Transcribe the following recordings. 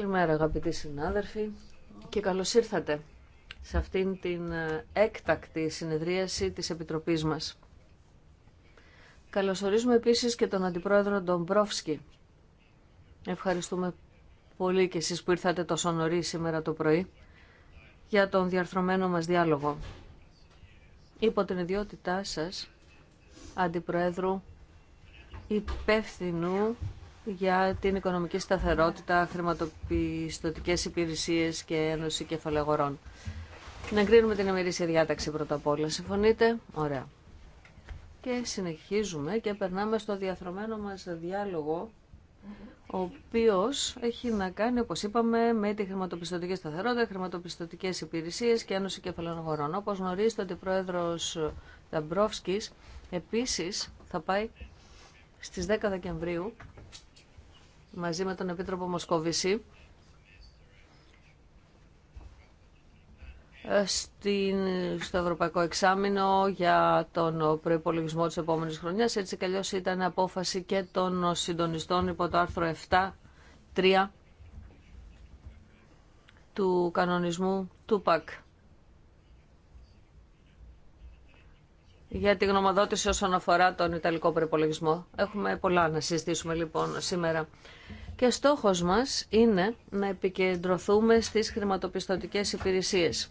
Καλημέρα αγαπητοί συνάδελφοι και καλώς ήρθατε σε αυτήν την ε, έκτακτη συνεδρίαση της Επιτροπής μας. Καλωσορίζουμε επίσης και τον Αντιπρόεδρο Ντομπρόφσκι. Ευχαριστούμε πολύ και εσείς που ήρθατε τόσο νωρί σήμερα το πρωί για τον διαρθρωμένο μας διάλογο. Υπό την ιδιότητά σας, Αντιπροέδρου υπεύθυνου για την οικονομική σταθερότητα, χρηματοπιστωτικές υπηρεσίες και ένωση κεφαλαγορών. Να κρίνουμε την ημερήσια διάταξη πρώτα απ' όλα. Συμφωνείτε? Ωραία. Και συνεχίζουμε και περνάμε στο διαθρωμένο μας διάλογο, ο οποίο έχει να κάνει, όπω είπαμε, με τη χρηματοπιστωτική σταθερότητα, χρηματοπιστωτικέ υπηρεσίε και ένωση αγορών. Όπω γνωρίζετε, ο αντιπρόεδρο Νταμπρόφσκης επίση θα πάει στις 10 Δεκεμβρίου μαζί με τον Επίτροπο Μοσκοβίση ε, στην, στο Ευρωπαϊκό Εξάμεινο για τον προϋπολογισμό της επόμενης χρονιάς. Έτσι και αλλιώς ήταν απόφαση και των συντονιστών υπό το άρθρο 7.3 του κανονισμού του ΠΑΚ. για τη γνωμοδότηση όσον αφορά τον Ιταλικό προπολογισμό. Έχουμε πολλά να συζητήσουμε λοιπόν σήμερα. Και στόχος μας είναι να επικεντρωθούμε στις χρηματοπιστωτικές υπηρεσίες.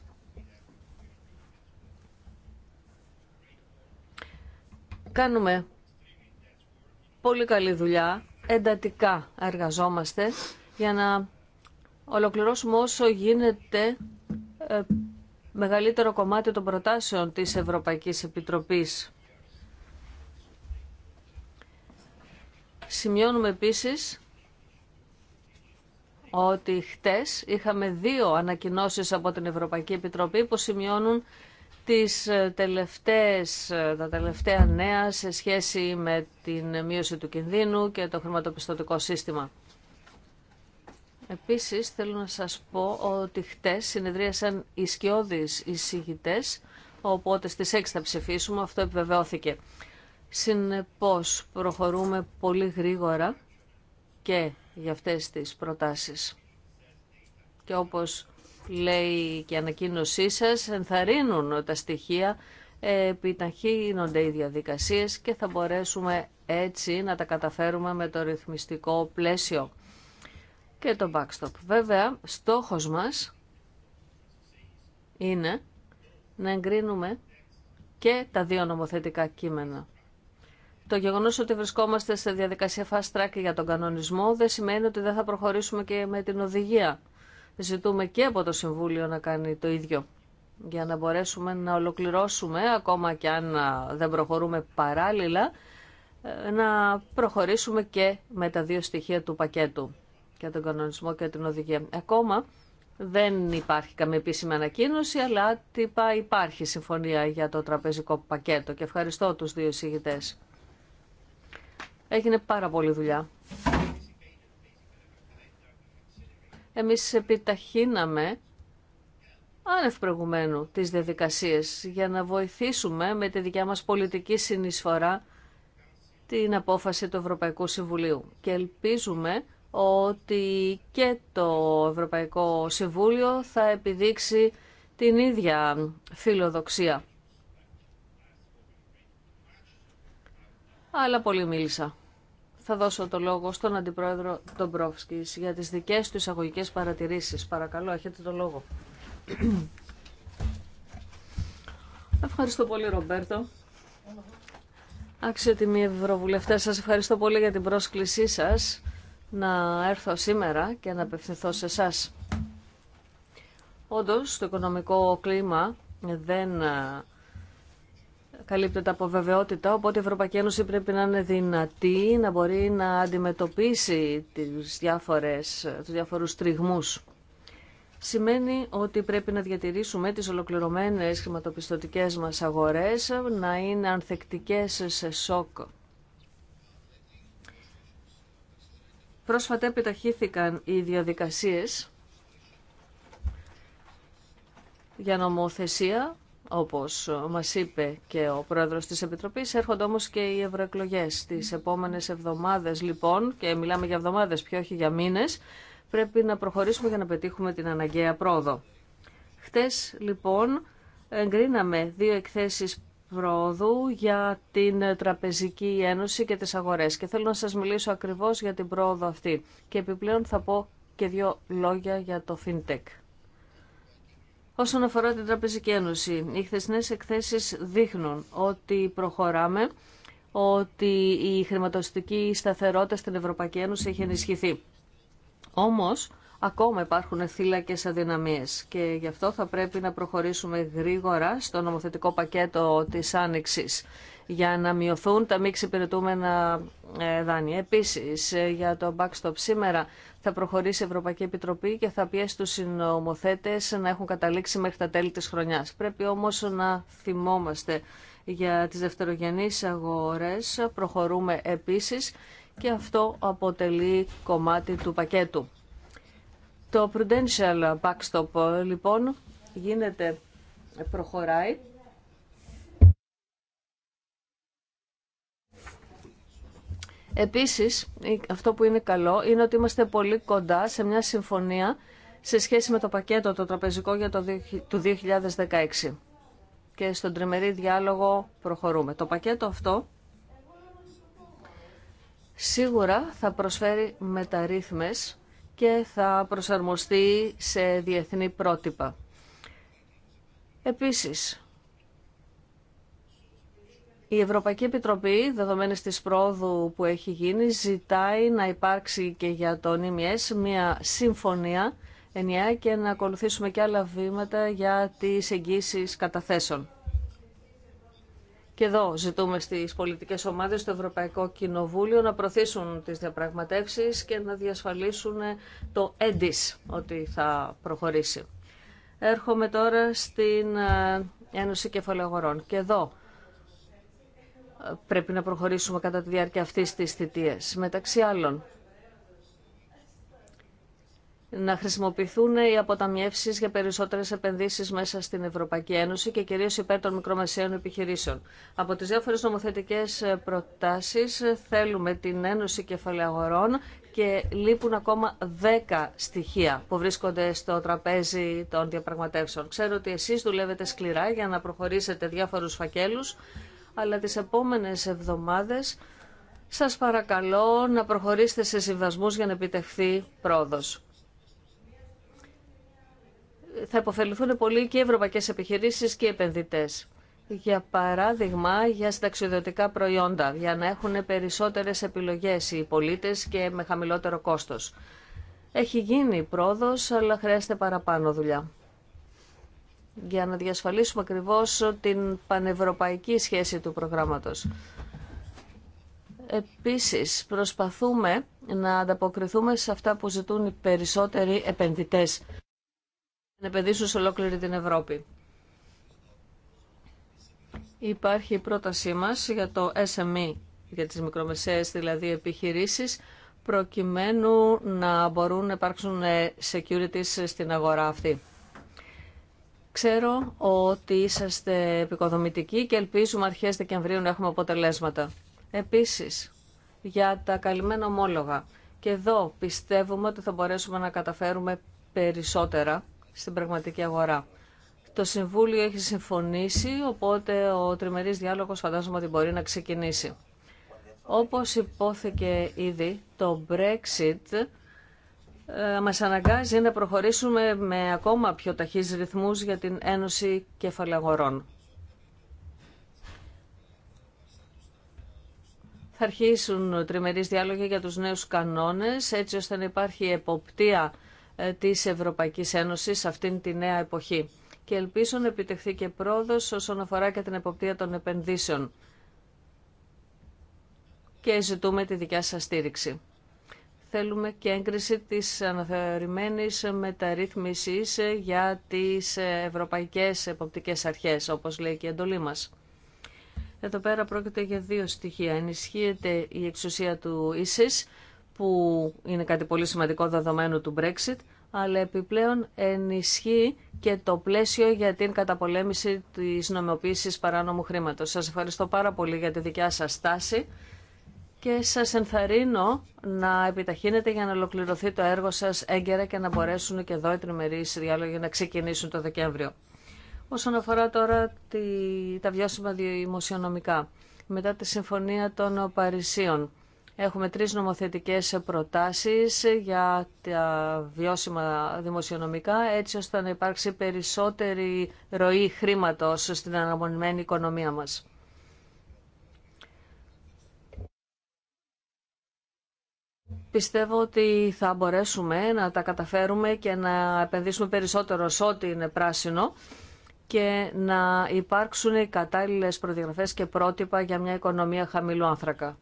Κάνουμε πολύ καλή δουλειά, εντατικά εργαζόμαστε για να ολοκληρώσουμε όσο γίνεται ε, μεγαλύτερο κομμάτι των προτάσεων της Ευρωπαϊκής Επιτροπής. Σημειώνουμε επίσης ότι χτες είχαμε δύο ανακοινώσεις από την Ευρωπαϊκή Επιτροπή που σημειώνουν τις ε, τελευταίες, ε, τα τελευταία νέα σε σχέση με την μείωση του κινδύνου και το χρηματοπιστωτικό σύστημα. Επίσης θέλω να σας πω ότι χτες συνεδρίασαν οι σκιώδεις εισηγητές, οπότε στις 6 θα ψηφίσουμε, αυτό επιβεβαιώθηκε. Συνεπώς προχωρούμε πολύ γρήγορα και για αυτές τις προτάσεις. Και όπως λέει και η ανακοίνωσή σας, ενθαρρύνουν τα στοιχεία, επιταχύνονται οι διαδικασίες και θα μπορέσουμε έτσι να τα καταφέρουμε με το ρυθμιστικό πλαίσιο και το backstop. Βέβαια, στόχος μας είναι να εγκρίνουμε και τα δύο νομοθετικά κείμενα. Το γεγονός ότι βρισκόμαστε σε διαδικασία fast track για τον κανονισμό δεν σημαίνει ότι δεν θα προχωρήσουμε και με την οδηγία. Ζητούμε και από το Συμβούλιο να κάνει το ίδιο για να μπορέσουμε να ολοκληρώσουμε, ακόμα και αν δεν προχωρούμε παράλληλα, ε, να προχωρήσουμε και με τα δύο στοιχεία του πακέτου για τον κανονισμό και την οδηγία. Ακόμα δεν υπάρχει καμία επίσημη ανακοίνωση, αλλά τύπα υπάρχει συμφωνία για το τραπεζικό πακέτο και ευχαριστώ τους δύο εισηγητές. Έγινε πάρα πολύ δουλειά. Εμείς επιταχύναμε άνευ προηγουμένου τις διαδικασίες για να βοηθήσουμε με τη δικιά μας πολιτική συνεισφορά την απόφαση του Ευρωπαϊκού Συμβουλίου. Και ελπίζουμε ότι και το Ευρωπαϊκό Συμβούλιο θα επιδείξει την ίδια φιλοδοξία. Αλλά πολύ μίλησα. Θα δώσω το λόγο στον Αντιπρόεδρο Ντομπρόφσκης για τις δικές του εισαγωγικέ παρατηρήσεις. Παρακαλώ, έχετε το λόγο. Ευχαριστώ πολύ, Ρομπέρτο. Άξιο τιμή, ευρωβουλευτέ, ευρωβουλευτές, σας ευχαριστώ πολύ για την πρόσκλησή σας να έρθω σήμερα και να απευθυνθώ σε εσά. Όντω, το οικονομικό κλίμα δεν ε, καλύπτεται από βεβαιότητα, οπότε η Ευρωπαϊκή Ένωση πρέπει να είναι δυνατή, να μπορεί να αντιμετωπίσει τις διάφορες, τους διάφορους τριγμούς. Σημαίνει ότι πρέπει να διατηρήσουμε τις ολοκληρωμένες χρηματοπιστωτικές μας αγορές, να είναι ανθεκτικές σε σοκ Πρόσφατα επιταχύθηκαν οι διαδικασίες για νομοθεσία, όπως μας είπε και ο πρόεδρος της Επιτροπής. Έρχονται όμως και οι ευρωεκλογέ τις επόμενες εβδομάδες λοιπόν, και μιλάμε για εβδομάδες πιο όχι για μήνες, πρέπει να προχωρήσουμε για να πετύχουμε την αναγκαία πρόοδο. Χτες λοιπόν εγκρίναμε δύο εκθέσεις πρόοδου για την Τραπεζική Ένωση και τις αγορές και θέλω να σας μιλήσω ακριβώς για την πρόοδο αυτή και επιπλέον θα πω και δύο λόγια για το FinTech. Όσον αφορά την Τραπεζική Ένωση, οι χθεσινές εκθέσεις δείχνουν ότι προχωράμε, ότι η χρηματοστική σταθερότητα στην Ευρωπαϊκή Ένωση έχει ενισχυθεί. Όμως, ακόμα υπάρχουν θύλακες αδυναμίε. και γι' αυτό θα πρέπει να προχωρήσουμε γρήγορα στο νομοθετικό πακέτο τη άνοιξη για να μειωθούν τα μη ξυπηρετούμενα ε, δάνεια. Επίσης, ε, για το backstop σήμερα θα προχωρήσει η Ευρωπαϊκή Επιτροπή και θα πιέσει του συνομοθέτε να έχουν καταλήξει μέχρι τα τέλη τη χρονιάς. Πρέπει όμω να θυμόμαστε για τι δευτερογενείς αγορές. Προχωρούμε επίση, και αυτό αποτελεί κομμάτι του πακέτου. Το Prudential Backstop λοιπόν γίνεται, προχωράει. Επίσης, αυτό που είναι καλό είναι ότι είμαστε πολύ κοντά σε μια συμφωνία σε σχέση με το πακέτο το τραπεζικό για το, του 2016. Και στον τριμερή διάλογο προχωρούμε. Το πακέτο αυτό σίγουρα θα προσφέρει μεταρρύθμες και θα προσαρμοστεί σε διεθνή πρότυπα. Επίσης, η Ευρωπαϊκή Επιτροπή, δεδομένη της πρόοδου που έχει γίνει, ζητάει να υπάρξει και για τον ΙΜΙΕΣ μια συμφωνία ενιαία και να ακολουθήσουμε και άλλα βήματα για τις εγγύσεις καταθέσεων. Και εδώ ζητούμε στις πολιτικές ομάδες στο Ευρωπαϊκό Κοινοβούλιο να προωθήσουν τις διαπραγματεύσεις και να διασφαλίσουν το έντις ότι θα προχωρήσει. Έρχομαι τώρα στην ε, Ένωση Κεφαλαιογορών. Και εδώ ε, πρέπει να προχωρήσουμε κατά τη διάρκεια αυτής της θητείας. Μεταξύ άλλων, να χρησιμοποιηθούν οι αποταμιεύσεις για περισσότερες επενδύσεις μέσα στην Ευρωπαϊκή Ένωση και κυρίως υπέρ των μικρομεσαίων επιχειρήσεων. Από τις διάφορες νομοθετικές προτάσεις θέλουμε την Ένωση Κεφαλαιαγορών και λείπουν ακόμα 10 στοιχεία που βρίσκονται στο τραπέζι των διαπραγματεύσεων. Ξέρω ότι εσείς δουλεύετε σκληρά για να προχωρήσετε διάφορους φακέλους, αλλά τις επόμενες εβδομάδες σας παρακαλώ να προχωρήσετε σε συμβασμούς για να επιτευχθεί πρόοδος θα υποφεληθούν πολύ και οι ευρωπαϊκές επιχειρήσεις και επενδυτές. Για παράδειγμα, για συνταξιδιωτικά προϊόντα, για να έχουν περισσότερες επιλογές οι πολίτες και με χαμηλότερο κόστος. Έχει γίνει πρόοδος, αλλά χρειάζεται παραπάνω δουλειά. Για να διασφαλίσουμε ακριβώς την πανευρωπαϊκή σχέση του προγράμματος. Επίσης, προσπαθούμε να ανταποκριθούμε σε αυτά που ζητούν οι περισσότεροι επενδυτές να επενδύσουν σε ολόκληρη την Ευρώπη. Υπάρχει η πρότασή μας για το SME, για τις μικρομεσαίες δηλαδή επιχειρήσεις, προκειμένου να μπορούν να υπάρξουν ε, securities στην αγορά αυτή. Ξέρω ότι είσαστε επικοδομητικοί και ελπίζουμε αρχές Δεκεμβρίου να έχουμε αποτελέσματα. Επίσης, για τα καλυμμένα ομόλογα. Και εδώ πιστεύουμε ότι θα μπορέσουμε να καταφέρουμε περισσότερα στην πραγματική αγορά. Το Συμβούλιο έχει συμφωνήσει, οπότε ο τριμερής διάλογος φαντάζομαι ότι μπορεί να ξεκινήσει. Όπως υπόθηκε ήδη, το Brexit ε, μας αναγκάζει να προχωρήσουμε με ακόμα πιο ταχύς ρυθμούς για την Ένωση Κεφαλαγορών. Θα αρχίσουν τριμερείς διάλογοι για τους νέους κανόνες, έτσι ώστε να υπάρχει εποπτεία ε, της Ευρωπαϊκής Ένωσης αυτήν τη νέα εποχή. Και ελπίζω να επιτευχθεί και πρόοδος όσον αφορά και την εποπτεία των επενδύσεων. Και ζητούμε τη δικιά σας στήριξη. Θέλουμε και έγκριση της αναθεωρημένης μεταρρύθμισης για τις ευρωπαϊκές εποπτικές αρχές, όπως λέει και η εντολή μας. Εδώ πέρα πρόκειται για δύο στοιχεία. Ενισχύεται η εξουσία του Ίσης που είναι κάτι πολύ σημαντικό δεδομένου του Brexit, αλλά επιπλέον ενισχύει και το πλαίσιο για την καταπολέμηση της νομιμοποίησης παράνομου χρήματος. Σας ευχαριστώ πάρα πολύ για τη δικιά σας στάση και σας ενθαρρύνω να επιταχύνετε για να ολοκληρωθεί το έργο σας έγκαιρα και να μπορέσουν και εδώ οι τριμερείς διάλογοι να ξεκινήσουν το Δεκέμβριο. Όσον αφορά τώρα τη, τα βιώσιμα δημοσιονομικά, μετά τη Συμφωνία των Παρισίων, Έχουμε τρεις νομοθετικές προτάσεις για τα βιώσιμα δημοσιονομικά, έτσι ώστε να υπάρξει περισσότερη ροή χρήματος στην αναμονημένη οικονομία μας. Πιστεύω ότι θα μπορέσουμε να τα καταφέρουμε και να επενδύσουμε περισσότερο σε ό,τι είναι πράσινο και να υπάρξουν οι κατάλληλες προδιαγραφές και πρότυπα για μια οικονομία χαμηλού άνθρακα.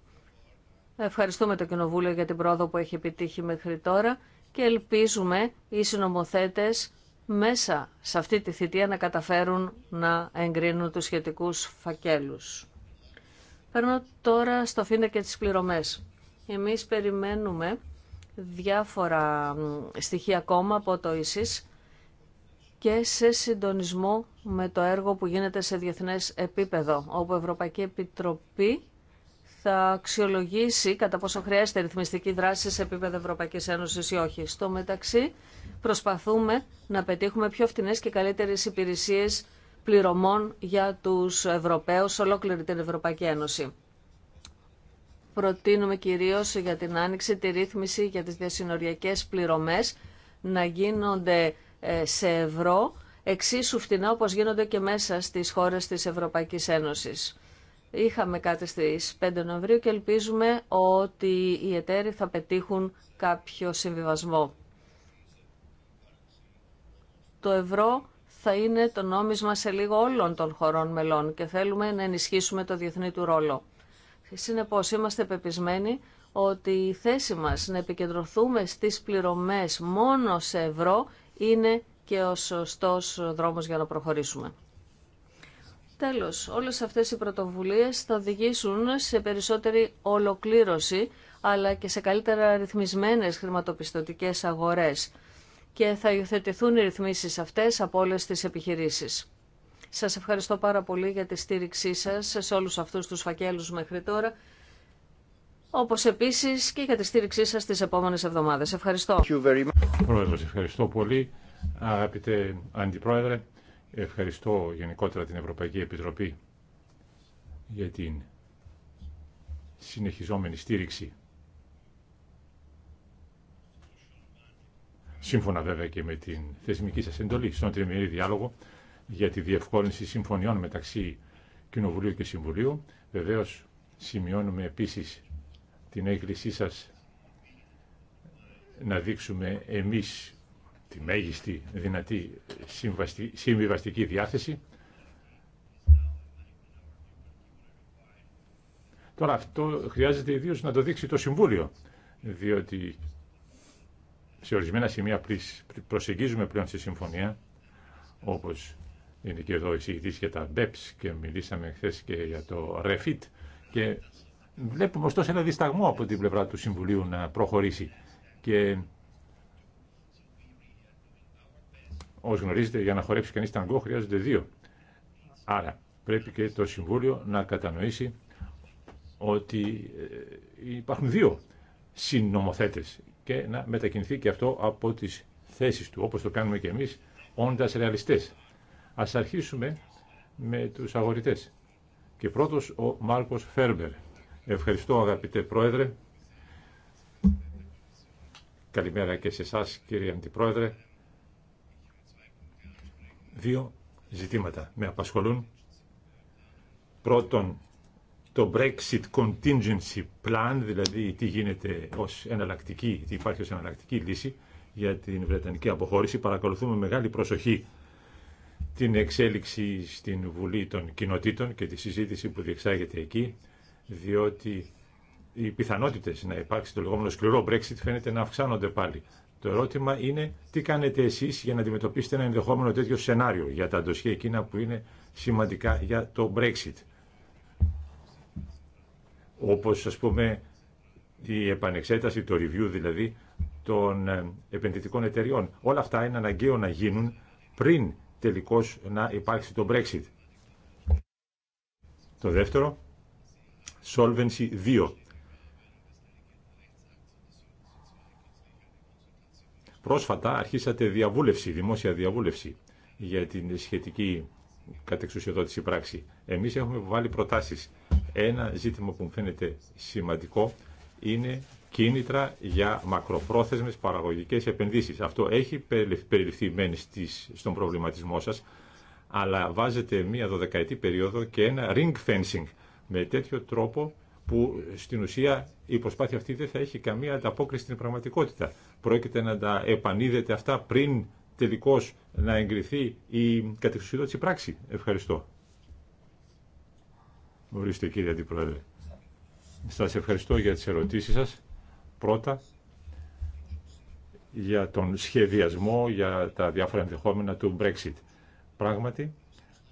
Ευχαριστούμε το Κοινοβούλιο για την πρόοδο που έχει επιτύχει μέχρι τώρα και ελπίζουμε οι συνομοθέτες μέσα σε αυτή τη θητεία να καταφέρουν να εγκρίνουν τους σχετικούς φακέλους. Παίρνω τώρα στο φίντα και τις πληρωμές. Εμείς περιμένουμε διάφορα στοιχεία ακόμα από το ΙΣΙΣ και σε συντονισμό με το έργο που γίνεται σε διεθνές επίπεδο, όπου η Ευρωπαϊκή Επιτροπή θα αξιολογήσει κατά πόσο χρειάζεται ρυθμιστική δράση σε επίπεδο Ευρωπαϊκή Ένωση ή όχι. Στο μεταξύ προσπαθούμε να πετύχουμε πιο φτηνές και καλύτερε υπηρεσίε πληρωμών για τους Ευρωπαίου σε ολόκληρη την Ευρωπαϊκή Ένωση. Προτείνουμε κυρίω για την άνοιξη τη ρύθμιση για τι διασυνοριακέ πληρωμές να γίνονται ε, σε ευρώ εξίσου φτηνά όπως γίνονται και μέσα στις χώρες της Ευρωπαϊκής Ένωσης. Είχαμε κάτι στις 5 Νοεμβρίου και ελπίζουμε ότι οι εταίροι θα πετύχουν κάποιο συμβιβασμό. Το ευρώ θα είναι το νόμισμα σε λίγο όλων των χωρών μελών και θέλουμε να ενισχύσουμε το διεθνή του ρόλο. Συνεπώς είμαστε πεπισμένοι ότι η θέση μας να επικεντρωθούμε στις πληρωμές μόνο σε ευρώ είναι και ο σωστός δρόμος για να προχωρήσουμε. Τέλος, όλες αυτές οι πρωτοβουλίες θα οδηγήσουν σε περισσότερη ολοκλήρωση αλλά και σε καλύτερα ρυθμισμένες χρηματοπιστωτικές αγορές και θα υιοθετηθούν οι ρυθμίσεις αυτές από όλες τις επιχειρήσεις. Σας ευχαριστώ πάρα πολύ για τη στήριξή σας σε όλους αυτούς τους φακέλους μέχρι τώρα, όπως επίσης και για τη στήριξή σας τις επόμενες εβδομάδες. Ευχαριστώ. Πρόεδρος, ευχαριστώ πολύ. Αγαπητέ Αντιπρόεδρε. Ευχαριστώ γενικότερα την Ευρωπαϊκή Επιτροπή για την συνεχιζόμενη στήριξη. Σύμφωνα βέβαια και με την θεσμική σας εντολή στον τριμερή διάλογο για τη διευκόλυνση συμφωνιών μεταξύ Κοινοβουλίου και Συμβουλίου. Βεβαίως σημειώνουμε επίσης την έκκλησή σας να δείξουμε εμείς τη μέγιστη δυνατή συμβιβαστική διάθεση. Τώρα αυτό χρειάζεται ιδίω να το δείξει το Συμβούλιο, διότι σε ορισμένα σημεία προσεγγίζουμε πλέον στη συμφωνία, όπως είναι και εδώ εισηγητής για τα BEPS και μιλήσαμε χθε και για το REFIT και βλέπουμε ωστόσο ένα δισταγμό από την πλευρά του Συμβουλίου να προχωρήσει και Ως γνωρίζετε, για να χορέψει κανείς ταγκό χρειάζονται δύο. Άρα πρέπει και το Συμβούλιο να κατανοήσει ότι ε, υπάρχουν δύο συνομοθέτες και να μετακινηθεί και αυτό από τις θέσεις του, όπως το κάνουμε και εμείς, όντας ρεαλιστές. Ας αρχίσουμε με τους αγοριτές. Και πρώτος ο Μάρκος Φέρμπερ. Ευχαριστώ αγαπητέ Πρόεδρε. Καλημέρα και σε εσά κύριε Αντιπρόεδρε δύο ζητήματα με απασχολούν. Πρώτον, το Brexit Contingency Plan, δηλαδή τι γίνεται ως εναλλακτική, τι υπάρχει ως εναλλακτική λύση για την Βρετανική αποχώρηση. Παρακολουθούμε μεγάλη προσοχή την εξέλιξη στην Βουλή των Κοινοτήτων και τη συζήτηση που διεξάγεται εκεί, διότι οι πιθανότητε να υπάρξει το λεγόμενο σκληρό Brexit φαίνεται να αυξάνονται πάλι. Το ερώτημα είναι τι κάνετε εσείς για να αντιμετωπίσετε ένα ενδεχόμενο τέτοιο σενάριο για τα ντοσχεία εκείνα που είναι σημαντικά για το Brexit. Όπως α πούμε η επανεξέταση, το review δηλαδή των ε, επενδυτικών εταιριών. Όλα αυτά είναι αναγκαίο να γίνουν πριν τελικώς να υπάρξει το Brexit. Το δεύτερο, Solvency 2. Πρόσφατα αρχίσατε διαβούλευση, δημόσια διαβούλευση για την σχετική κατεξουσιοδότηση πράξη. Εμείς έχουμε βάλει προτάσεις. Ένα ζήτημα που μου φαίνεται σημαντικό είναι κίνητρα για μακροπρόθεσμες παραγωγικές επενδύσεις. Αυτό έχει περιληφθεί μεν στον προβληματισμό σας, αλλά βάζετε μία δωδεκαετή περίοδο και ένα ring fencing. Με τέτοιο τρόπο που στην ουσία η προσπάθεια αυτή δεν θα έχει καμία ανταπόκριση στην πραγματικότητα. Πρόκειται να τα επανείδεται αυτά πριν τελικώς να εγκριθεί η κατεξουσιοδότηση πράξη. Ευχαριστώ. Ορίστε κύριε Αντιπρόεδρε. Σας ευχαριστώ για τις ερωτήσεις σας. Πρώτα, για τον σχεδιασμό, για τα διάφορα ενδεχόμενα του Brexit. Πράγματι,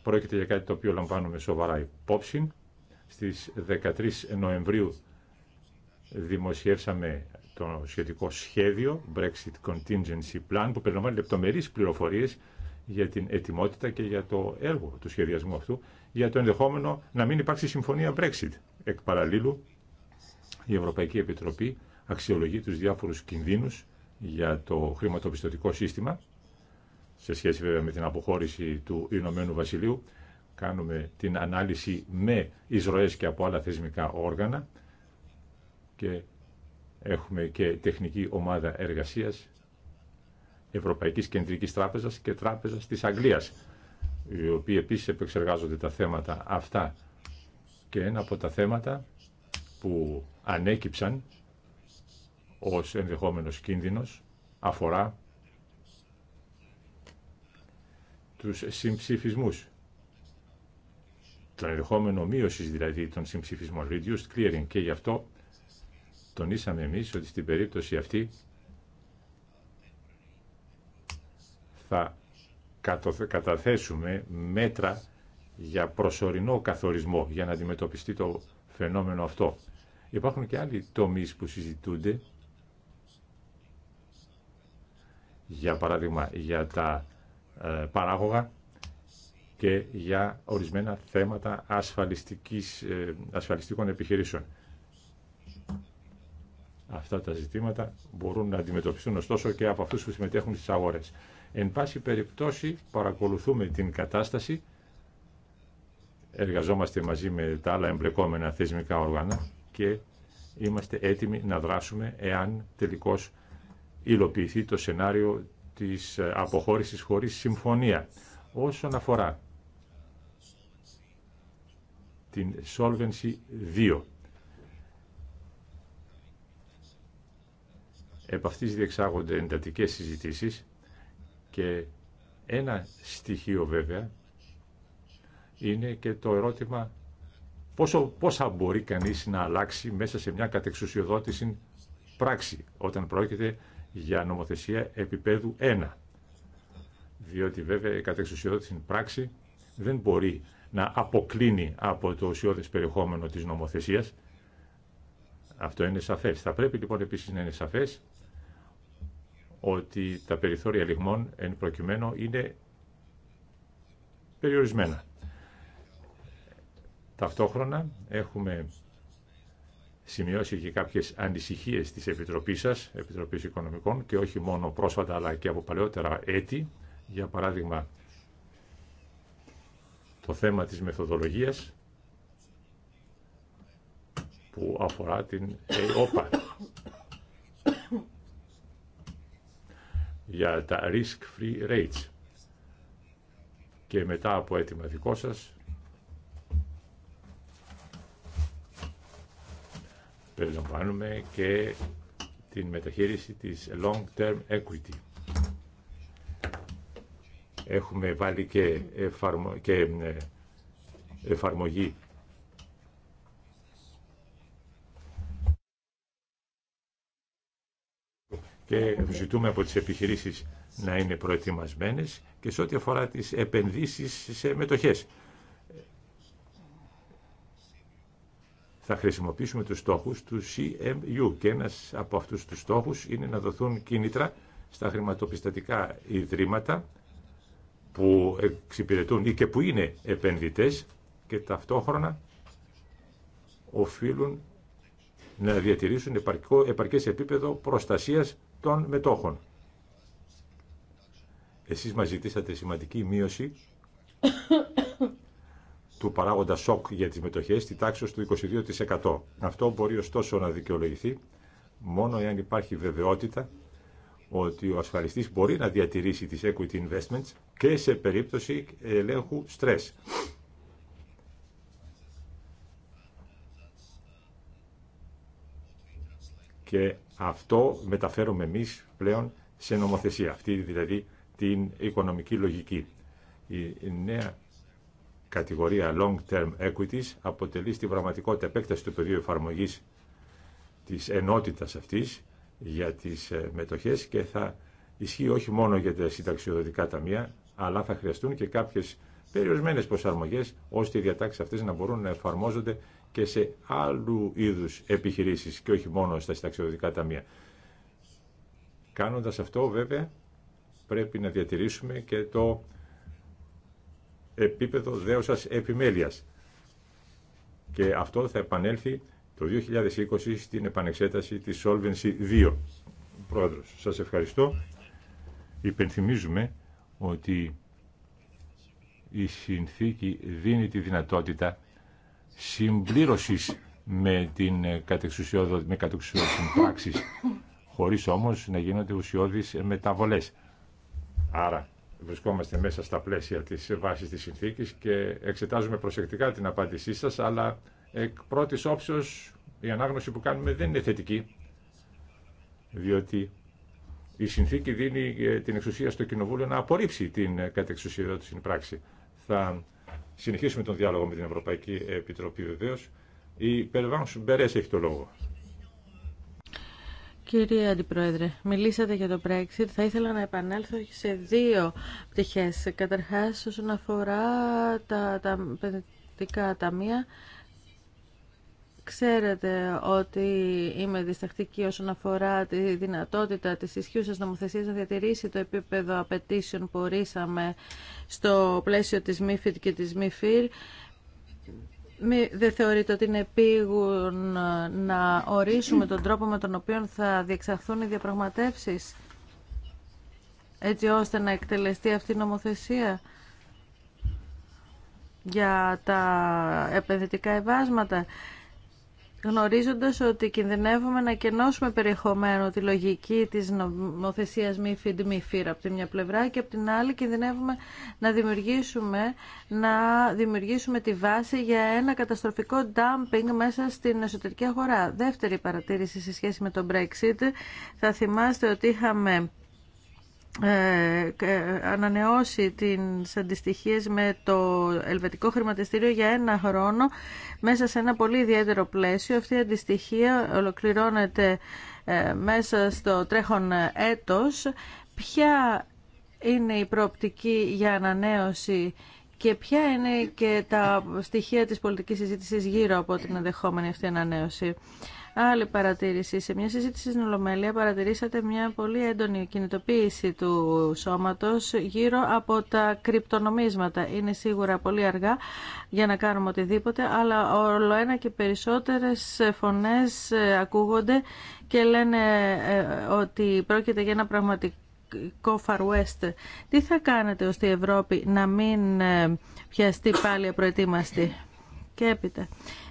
πρόκειται για κάτι το οποίο λαμβάνουμε σοβαρά υπόψη στις 13 Νοεμβρίου δημοσιεύσαμε το σχετικό σχέδιο Brexit Contingency Plan που περιλαμβάνει λεπτομερείς πληροφορίες για την ετοιμότητα και για το έργο του σχεδιασμού αυτού για το ενδεχόμενο να μην υπάρξει συμφωνία Brexit. Εκ παραλλήλου, η Ευρωπαϊκή Επιτροπή αξιολογεί τους διάφορους κινδύνους για το χρηματοπιστωτικό σύστημα σε σχέση βέβαια με την αποχώρηση του Ηνωμένου Βασιλείου κάνουμε την ανάλυση με εισρωές και από άλλα θεσμικά όργανα και έχουμε και τεχνική ομάδα εργασίας Ευρωπαϊκής Κεντρικής Τράπεζας και Τράπεζας της Αγγλίας, οι οποίοι επίσης επεξεργάζονται τα θέματα αυτά. Και ένα από τα θέματα που ανέκυψαν ως ενδεχόμενος κίνδυνος αφορά τους συμψηφισμούς το ενδεχόμενο μείωση δηλαδή των συμψηφισμών, reduced clearing. Και γι' αυτό τονίσαμε εμεί ότι στην περίπτωση αυτή θα καταθέσουμε μέτρα για προσωρινό καθορισμό για να αντιμετωπιστεί το φαινόμενο αυτό. Υπάρχουν και άλλοι τομείς που συζητούνται, για παράδειγμα για τα ε, παράγωγα, και για ορισμένα θέματα ασφαλιστικής, ε, ασφαλιστικών επιχειρήσεων. Αυτά τα ζητήματα μπορούν να αντιμετωπιστούν ωστόσο και από αυτούς που συμμετέχουν στις αγορές. Εν πάση περιπτώσει παρακολουθούμε την κατάσταση, εργαζόμαστε μαζί με τα άλλα εμπλεκόμενα θεσμικά όργανα και είμαστε έτοιμοι να δράσουμε εάν τελικώς υλοποιηθεί το σενάριο της ε, αποχώρησης χωρίς συμφωνία. Όσον αφορά την Solvency 2. Επ' αυτής διεξάγονται εντατικές συζητήσεις και ένα στοιχείο βέβαια είναι και το ερώτημα πόσο, πόσα μπορεί κανείς να αλλάξει μέσα σε μια κατεξουσιοδότηση πράξη όταν πρόκειται για νομοθεσία επίπεδου 1. Διότι βέβαια η κατεξουσιοδότηση πράξη δεν μπορεί να αποκλίνει από το ουσιώδες περιεχόμενο της νομοθεσίας. Αυτό είναι σαφές. Θα πρέπει λοιπόν επίσης να είναι σαφές ότι τα περιθώρια λιγμών εν προκειμένου είναι περιορισμένα. Ταυτόχρονα έχουμε σημειώσει και κάποιες ανησυχίες της Επιτροπής σας, Επιτροπής Οικονομικών, και όχι μόνο πρόσφατα αλλά και από παλαιότερα έτη. Για παράδειγμα, το θέμα της μεθοδολογίας που αφορά την ΕΟΠΑ για τα risk-free rates και μετά από έτοιμα δικό σας περιλαμβάνουμε και την μεταχείριση της long-term equity. Έχουμε βάλει και, και ε, εφαρμογή. Και ζητούμε από τις επιχειρήσεις να είναι προετοιμασμένες και σε ό,τι αφορά τις επενδύσεις σε μετοχές. θα χρησιμοποιήσουμε τους στόχους του CMU και ένας από αυτούς τους στόχους είναι να δοθούν κίνητρα στα χρηματοπιστωτικά ιδρύματα που εξυπηρετούν ή και που είναι επενδυτές και ταυτόχρονα οφείλουν να διατηρήσουν επαρκές επίπεδο προστασίας των μετόχων. Εσείς μας ζητήσατε σημαντική μείωση του παράγοντα σοκ για τις μετοχές στη τάξη του 22%. Αυτό μπορεί ωστόσο να δικαιολογηθεί μόνο εάν υπάρχει βεβαιότητα ότι ο ασφαλιστής μπορεί να διατηρήσει τις equity investments και σε περίπτωση ελέγχου stress. Και αυτό μεταφέρουμε εμείς πλέον σε νομοθεσία, αυτή δηλαδή την οικονομική λογική. Η νέα κατηγορία long term equities αποτελεί στην πραγματικότητα επέκταση του πεδίου εφαρμογής της ενότητας αυτής για τις ε, μετοχές και θα ισχύει όχι μόνο για τα συνταξιοδοτικά ταμεία, αλλά θα χρειαστούν και κάποιες περιορισμένες προσαρμογές, ώστε οι διατάξεις αυτές να μπορούν να εφαρμόζονται και σε άλλου είδους επιχειρήσεις και όχι μόνο στα συνταξιοδοτικά ταμεία. Κάνοντας αυτό βέβαια πρέπει να διατηρήσουμε και το επίπεδο δέωσας επιμέλειας. Και αυτό θα επανέλθει το 2020 στην επανεξέταση της Solvency 2. Πρόεδρος, σας ευχαριστώ. Υπενθυμίζουμε ότι η συνθήκη δίνει τη δυνατότητα συμπλήρωσης με την κατεξουσιοδότηση με πράξης, χωρίς όμως να γίνονται ουσιώδεις μεταβολές. Άρα βρισκόμαστε μέσα στα πλαίσια της βάσης της συνθήκης και εξετάζουμε προσεκτικά την απάντησή σας, αλλά εκ πρώτης όψεως η ανάγνωση που κάνουμε δεν είναι θετική, διότι η συνθήκη δίνει ε, την εξουσία στο Κοινοβούλιο να απορρίψει την ε, στην πράξη. Θα συνεχίσουμε τον διάλογο με την Ευρωπαϊκή Επιτροπή βεβαίω. Η Περβάνς Μπερές έχει το λόγο. Κύριε Αντιπρόεδρε, μιλήσατε για το Brexit. Θα ήθελα να επανέλθω σε δύο πτυχές. Καταρχάς, όσον αφορά τα, τα ταμεία Ξέρετε ότι είμαι διστακτική όσον αφορά τη δυνατότητα της ισχύουσας νομοθεσίας να διατηρήσει το επίπεδο απαιτήσεων που ορίσαμε στο πλαίσιο της ΜΥΦΙΤ και της ΜΥΦΙΡ. Μη, δεν θεωρείτε ότι είναι επίγουν να ορίσουμε τον τρόπο με τον οποίο θα διεξαχθούν οι διαπραγματεύσεις έτσι ώστε να εκτελεστεί αυτή η νομοθεσία για τα επενδυτικά εβάσματα γνωρίζοντας ότι κινδυνεύουμε να κενώσουμε περιεχομένου τη λογική της νομοθεσίας μη feed μη από τη μια πλευρά και από την άλλη κινδυνεύουμε να δημιουργήσουμε, να δημιουργήσουμε τη βάση για ένα καταστροφικό dumping μέσα στην εσωτερική αγορά. Δεύτερη παρατήρηση σε σχέση με το Brexit. Θα θυμάστε ότι είχαμε ε, ε, ανανεώσει τις αντιστοιχίες με το ελβετικό χρηματιστήριο για ένα χρόνο μέσα σε ένα πολύ ιδιαίτερο πλαίσιο. Αυτή η αντιστοιχία ολοκληρώνεται ε, μέσα στο τρέχον έτος. Ποια είναι η προοπτική για ανανέωση και ποια είναι και τα στοιχεία της πολιτικής συζήτησης γύρω από την ενδεχόμενη αυτή ανανέωση. Άλλη παρατήρηση. Σε μια συζήτηση στην Ολομέλεια παρατηρήσατε μια πολύ έντονη κινητοποίηση του σώματος γύρω από τα κρυπτονομίσματα. Είναι σίγουρα πολύ αργά για να κάνουμε οτιδήποτε, αλλά όλο ένα και περισσότερες φωνές ε, ακούγονται και λένε ε, ότι πρόκειται για ένα πραγματικό Far West. Τι θα κάνετε ώστε η Ευρώπη να μην ε, πιαστεί πάλι απροετοίμαστη. Και έπειτα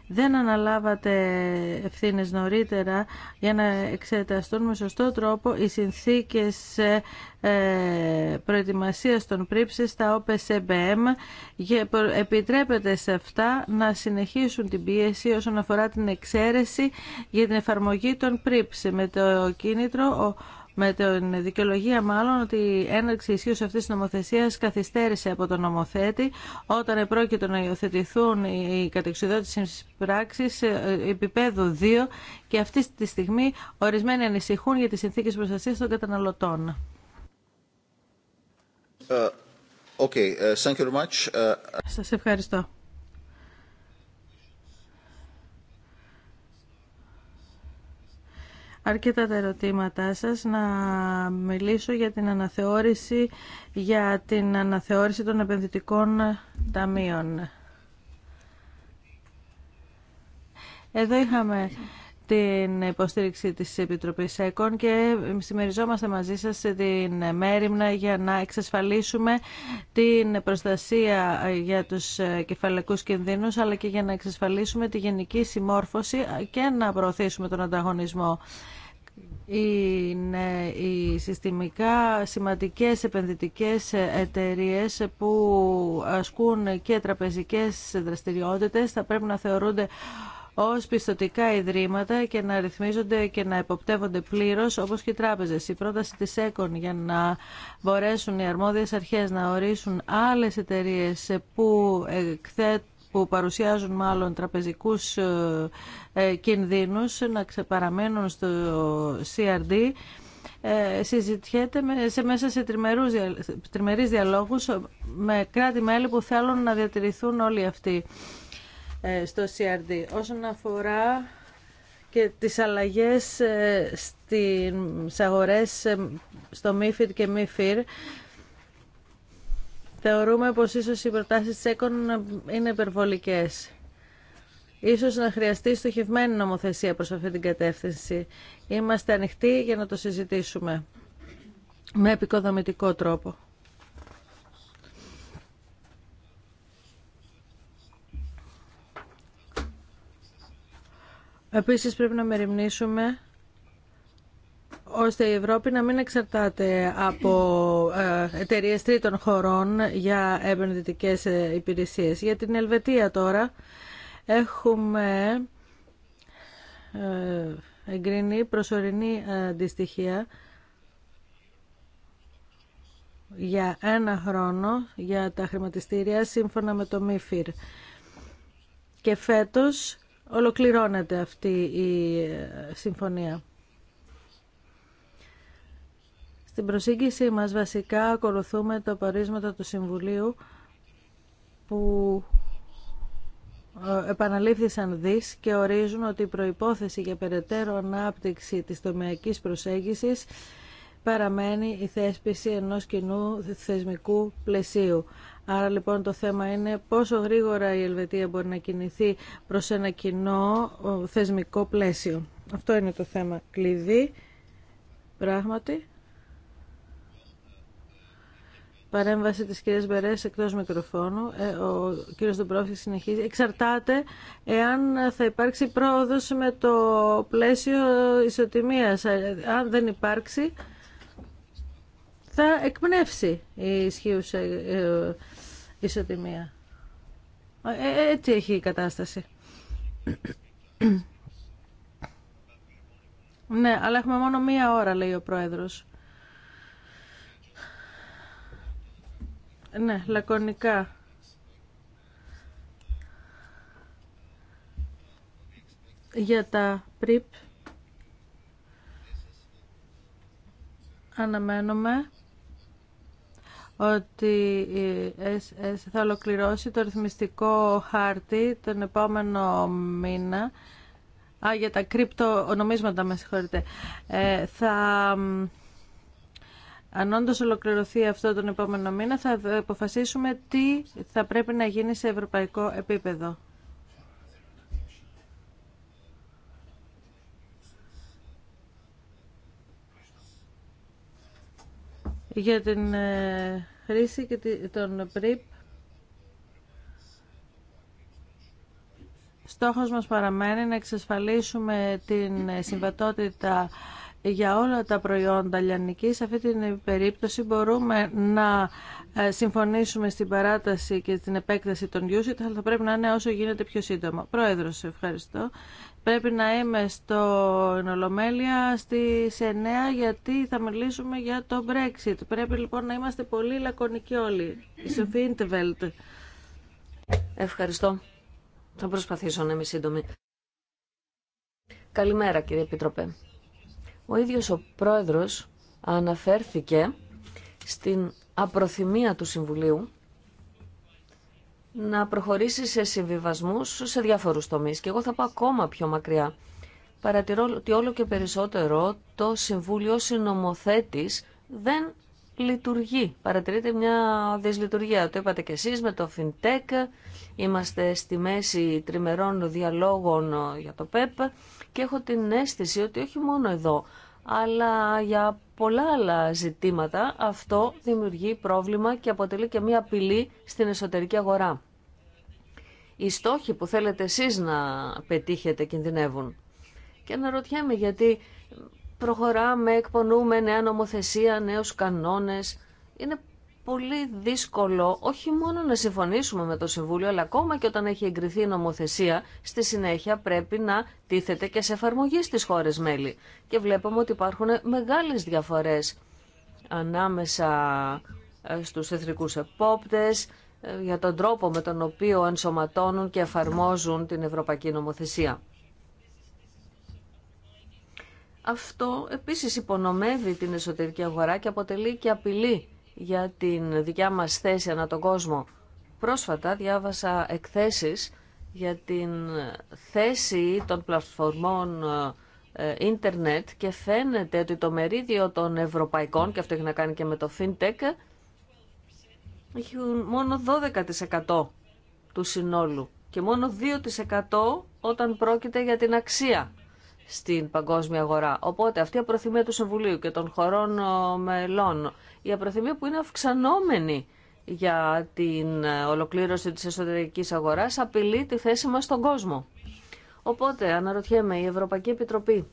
δεν αναλάβατε ευθύνες νωρίτερα για να εξεταστούν με σωστό τρόπο οι συνθήκες ε, προετοιμασίας των πρίψης στα ΕΜΠΕΜ και επιτρέπεται σε αυτά να συνεχίσουν την πίεση όσον αφορά την εξαίρεση για την εφαρμογή των πρίψη με το κίνητρο με την δικαιολογία μάλλον ότι η έναρξη ισχύω αυτή τη νομοθεσία καθυστέρησε από τον νομοθέτη όταν επρόκειτο να υιοθετηθούν οι πράξης πράξει ε, επίπεδο 2 και αυτή τη στιγμή ορισμένοι ανησυχούν για τι συνθήκε προστασία των καταναλωτών. Uh, okay. Ε, thank you much. Σας ευχαριστώ. αρκετά τα ερωτήματά σας, να μιλήσω για την αναθεώρηση, για την αναθεώρηση των επενδυτικών ταμείων. Εδώ είχαμε την υποστήριξη της Επιτροπής ΕΚΟΝ και συμμεριζόμαστε μαζί σας την μέρημνα για να εξασφαλίσουμε την προστασία για τους κεφαλαϊκούς κινδύνους αλλά και για να εξασφαλίσουμε τη γενική συμμόρφωση και να προωθήσουμε τον ανταγωνισμό είναι οι συστημικά σημαντικές επενδυτικές εταιρείες που ασκούν και τραπεζικές δραστηριότητες θα πρέπει να θεωρούνται ως πιστοτικά ιδρύματα και να ρυθμίζονται και να εποπτεύονται πλήρως όπως και οι τράπεζες. Η πρόταση της ΕΚΟΝ για να μπορέσουν οι αρμόδιες αρχές να ορίσουν άλλες εταιρείες που εκθέτουν που παρουσιάζουν μάλλον τραπεζικούς ε, ε, κινδύνους να παραμένουν στο CRD ε, συζητιέται σε, μέσα σε τριμερούς, τριμερείς διαλόγους με κράτη-μέλη που θέλουν να διατηρηθούν όλοι αυτοί στο CRD. Όσον αφορά και τις αλλαγές στις αγορές στο MIFID και MIFIR, Θεωρούμε πως ίσως οι προτάσεις της ΕΚΟΝ είναι υπερβολικές. Ίσως να χρειαστεί στοχευμένη νομοθεσία προς αυτή την κατεύθυνση. Είμαστε ανοιχτοί για να το συζητήσουμε με επικοδομητικό τρόπο. Επίσης πρέπει να μεριμνήσουμε ώστε η Ευρώπη να μην εξαρτάται από ε, εταιρείε τρίτων χωρών για επενδυτικέ ε, υπηρεσίες. Για την Ελβετία τώρα έχουμε ε, εγκρίνει προσωρινή αντιστοιχεία για ένα χρόνο για τα χρηματιστήρια σύμφωνα με το ΜΥΦΙΡ. Και φέτος ολοκληρώνεται αυτή η συμφωνία. Στην προσέγγιση μας βασικά ακολουθούμε το παρίσματα του Συμβουλίου που ε, επαναλήφθησαν δις και ορίζουν ότι η προϋπόθεση για περαιτέρω ανάπτυξη της τομεακής προσέγγισης παραμένει η θέσπιση ενός κοινού θεσμικού πλαισίου. Άρα λοιπόν το θέμα είναι πόσο γρήγορα η Ελβετία μπορεί να κινηθεί προς ένα κοινό θεσμικό πλαίσιο. Αυτό είναι το θέμα κλειδί πράγματι παρέμβαση της κυρίας Μπερές εκτός μικροφώνου. Ε, ο κύριος Δομπρόφης συνεχίζει. Εξαρτάται εάν θα υπάρξει πρόοδος με το πλαίσιο ισοτιμίας. Ε, αν δεν υπάρξει, θα εκπνεύσει η ισχύουσα ε, ισοτιμία. έτσι έχει η κατάσταση. ναι, αλλά έχουμε μόνο μία ώρα, λέει ο Πρόεδρος. Ναι, λακωνικά. Για τα ΠΡΙΠ αναμένουμε ότι θα ολοκληρώσει το ρυθμιστικό χάρτη τον επόμενο μήνα. Α, για τα κρυπτονομίσματα, με συγχωρείτε. Ε, θα αν όντω ολοκληρωθεί αυτό τον επόμενο μήνα, θα αποφασίσουμε τι θα πρέπει να γίνει σε ευρωπαϊκό επίπεδο. Για την ε, χρήση και τον ΠΡΙΠ, στόχος μας παραμένει να εξασφαλίσουμε την συμβατότητα για όλα τα προϊόντα λιανική. Σε αυτή την περίπτωση μπορούμε να ε, συμφωνήσουμε στην παράταση και στην επέκταση των USIT, αλλά θα πρέπει να είναι όσο γίνεται πιο σύντομα. σε ευχαριστώ. Πρέπει να είμαι στο Ολομέλεια στις 9 γιατί θα μιλήσουμε για το Brexit. Πρέπει λοιπόν να είμαστε πολύ λακωνικοί όλοι. Η Ευχαριστώ. Θα προσπαθήσω να είμαι σύντομη. Καλημέρα κύριε Επιτροπέ. Ο ίδιος ο πρόεδρος αναφέρθηκε στην απροθυμία του Συμβουλίου να προχωρήσει σε συμβιβασμούς σε διάφορους τομείς. Και εγώ θα πάω ακόμα πιο μακριά. Παρατηρώ ότι όλο και περισσότερο το Συμβούλιο Συνομοθέτης δεν λειτουργεί. Παρατηρείται μια δυσλειτουργία. Το είπατε και εσείς με το FinTech. Είμαστε στη μέση τριμερών διαλόγων ε, για το ΠΕΠ και έχω την αίσθηση ότι όχι μόνο εδώ, αλλά για πολλά άλλα ζητήματα αυτό δημιουργεί πρόβλημα και αποτελεί και μια απειλή στην εσωτερική αγορά. Οι στόχοι που θέλετε εσείς να πετύχετε κινδυνεύουν. Και αναρωτιέμαι γιατί προχωράμε, εκπονούμε νέα νομοθεσία, νέους κανόνες. Είναι πολύ δύσκολο όχι μόνο να συμφωνήσουμε με το Συμβούλιο, αλλά ακόμα και όταν έχει εγκριθεί η νομοθεσία, στη συνέχεια πρέπει να τίθεται και σε εφαρμογή στις χώρες μέλη. Και βλέπουμε ότι υπάρχουν μεγάλες διαφορές ανάμεσα ε, στους εθνικούς επόπτες, ε, για τον τρόπο με τον οποίο ενσωματώνουν και εφαρμόζουν την Ευρωπαϊκή Νομοθεσία. Αυτό επίσης υπονομεύει την εσωτερική αγορά και αποτελεί και απειλή για την δικιά μας θέση ανά τον κόσμο. Πρόσφατα διάβασα εκθέσεις για την θέση των πλατφορμών ε, ίντερνετ και φαίνεται ότι το μερίδιο των ευρωπαϊκών, και αυτό έχει να κάνει και με το FinTech, έχουν μόνο 12% του συνόλου και μόνο 2% όταν πρόκειται για την αξία στην παγκόσμια αγορά. Οπότε αυτή η απροθυμία του Συμβουλίου και των χωρών ε, μελών, η απροθυμία που είναι αυξανόμενη για την ε, ολοκλήρωση της εσωτερικής αγοράς, απειλεί τη θέση μας στον κόσμο. Οπότε αναρωτιέμαι, η Ευρωπαϊκή Επιτροπή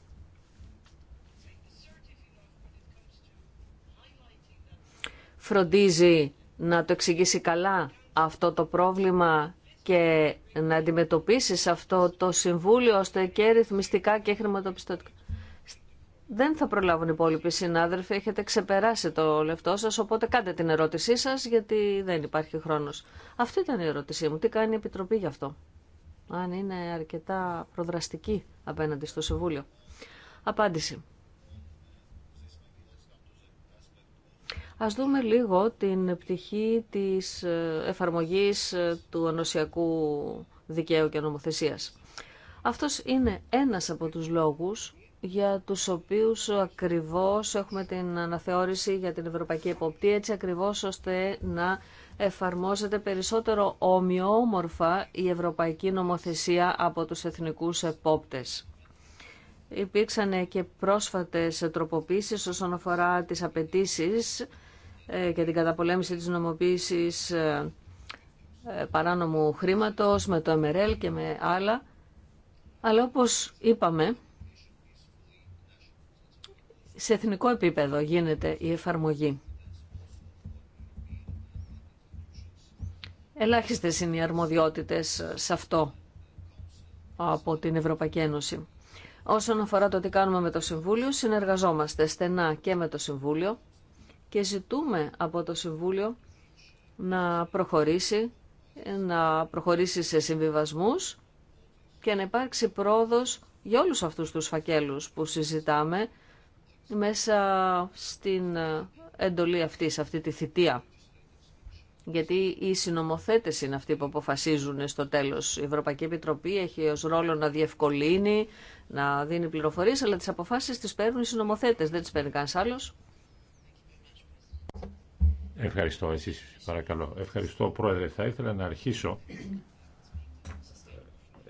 φροντίζει να το εξηγήσει καλά αυτό το πρόβλημα και να αντιμετωπίσει αυτό το συμβούλιο ώστε και ρυθμιστικά και χρηματοπιστωτικά. Δεν θα προλάβουν οι υπόλοιποι συνάδελφοι, έχετε ξεπεράσει το λεφτό σας, οπότε κάντε την ερώτησή σας γιατί δεν υπάρχει χρόνος. Αυτή ήταν η ερώτησή μου. Τι κάνει η Επιτροπή γι' αυτό, αν είναι αρκετά προδραστική απέναντι στο Συμβούλιο. Απάντηση. Ας δούμε λίγο την πτυχή της ε, εφαρμογής ε, του ανοσιακού δικαίου και νομοθεσίας. Αυτός είναι ένας από τους λόγους για τους οποίους ακριβώς έχουμε την αναθεώρηση για την Ευρωπαϊκή Εποπτεία, έτσι ακριβώς ώστε να εφαρμόζεται περισσότερο ομοιόμορφα η Ευρωπαϊκή Νομοθεσία από τους εθνικούς επόπτες. Υπήρξαν και πρόσφατες τροποποίησεις όσον αφορά τις απαιτήσει ε, και την καταπολέμηση της νομοποίησης ε, ε, παράνομου χρήματος, με το MRL και με άλλα. Αλλά όπως είπαμε, σε εθνικό επίπεδο γίνεται η εφαρμογή. Ελάχιστες είναι οι αρμοδιότητες σε αυτό από την Ευρωπαϊκή Ένωση. Όσον αφορά το τι κάνουμε με το Συμβούλιο, συνεργαζόμαστε στενά και με το Συμβούλιο και ζητούμε από το Συμβούλιο να προχωρήσει, να προχωρήσει σε συμβιβασμούς και να υπάρξει πρόοδος για όλους αυτούς τους φακέλους που συζητάμε μέσα στην εντολή αυτή, σε αυτή τη θητεία. Γιατί οι συνομοθέτες είναι αυτοί που αποφασίζουν στο τέλος. Η Ευρωπαϊκή Επιτροπή έχει ως ρόλο να διευκολύνει, να δίνει πληροφορίες, αλλά τις αποφάσεις τις παίρνουν οι συνομοθέτες, δεν τις παίρνει κανένας άλλος. Ευχαριστώ εσείς, παρακαλώ. Ευχαριστώ, Πρόεδρε. Θα ήθελα να αρχίσω ε,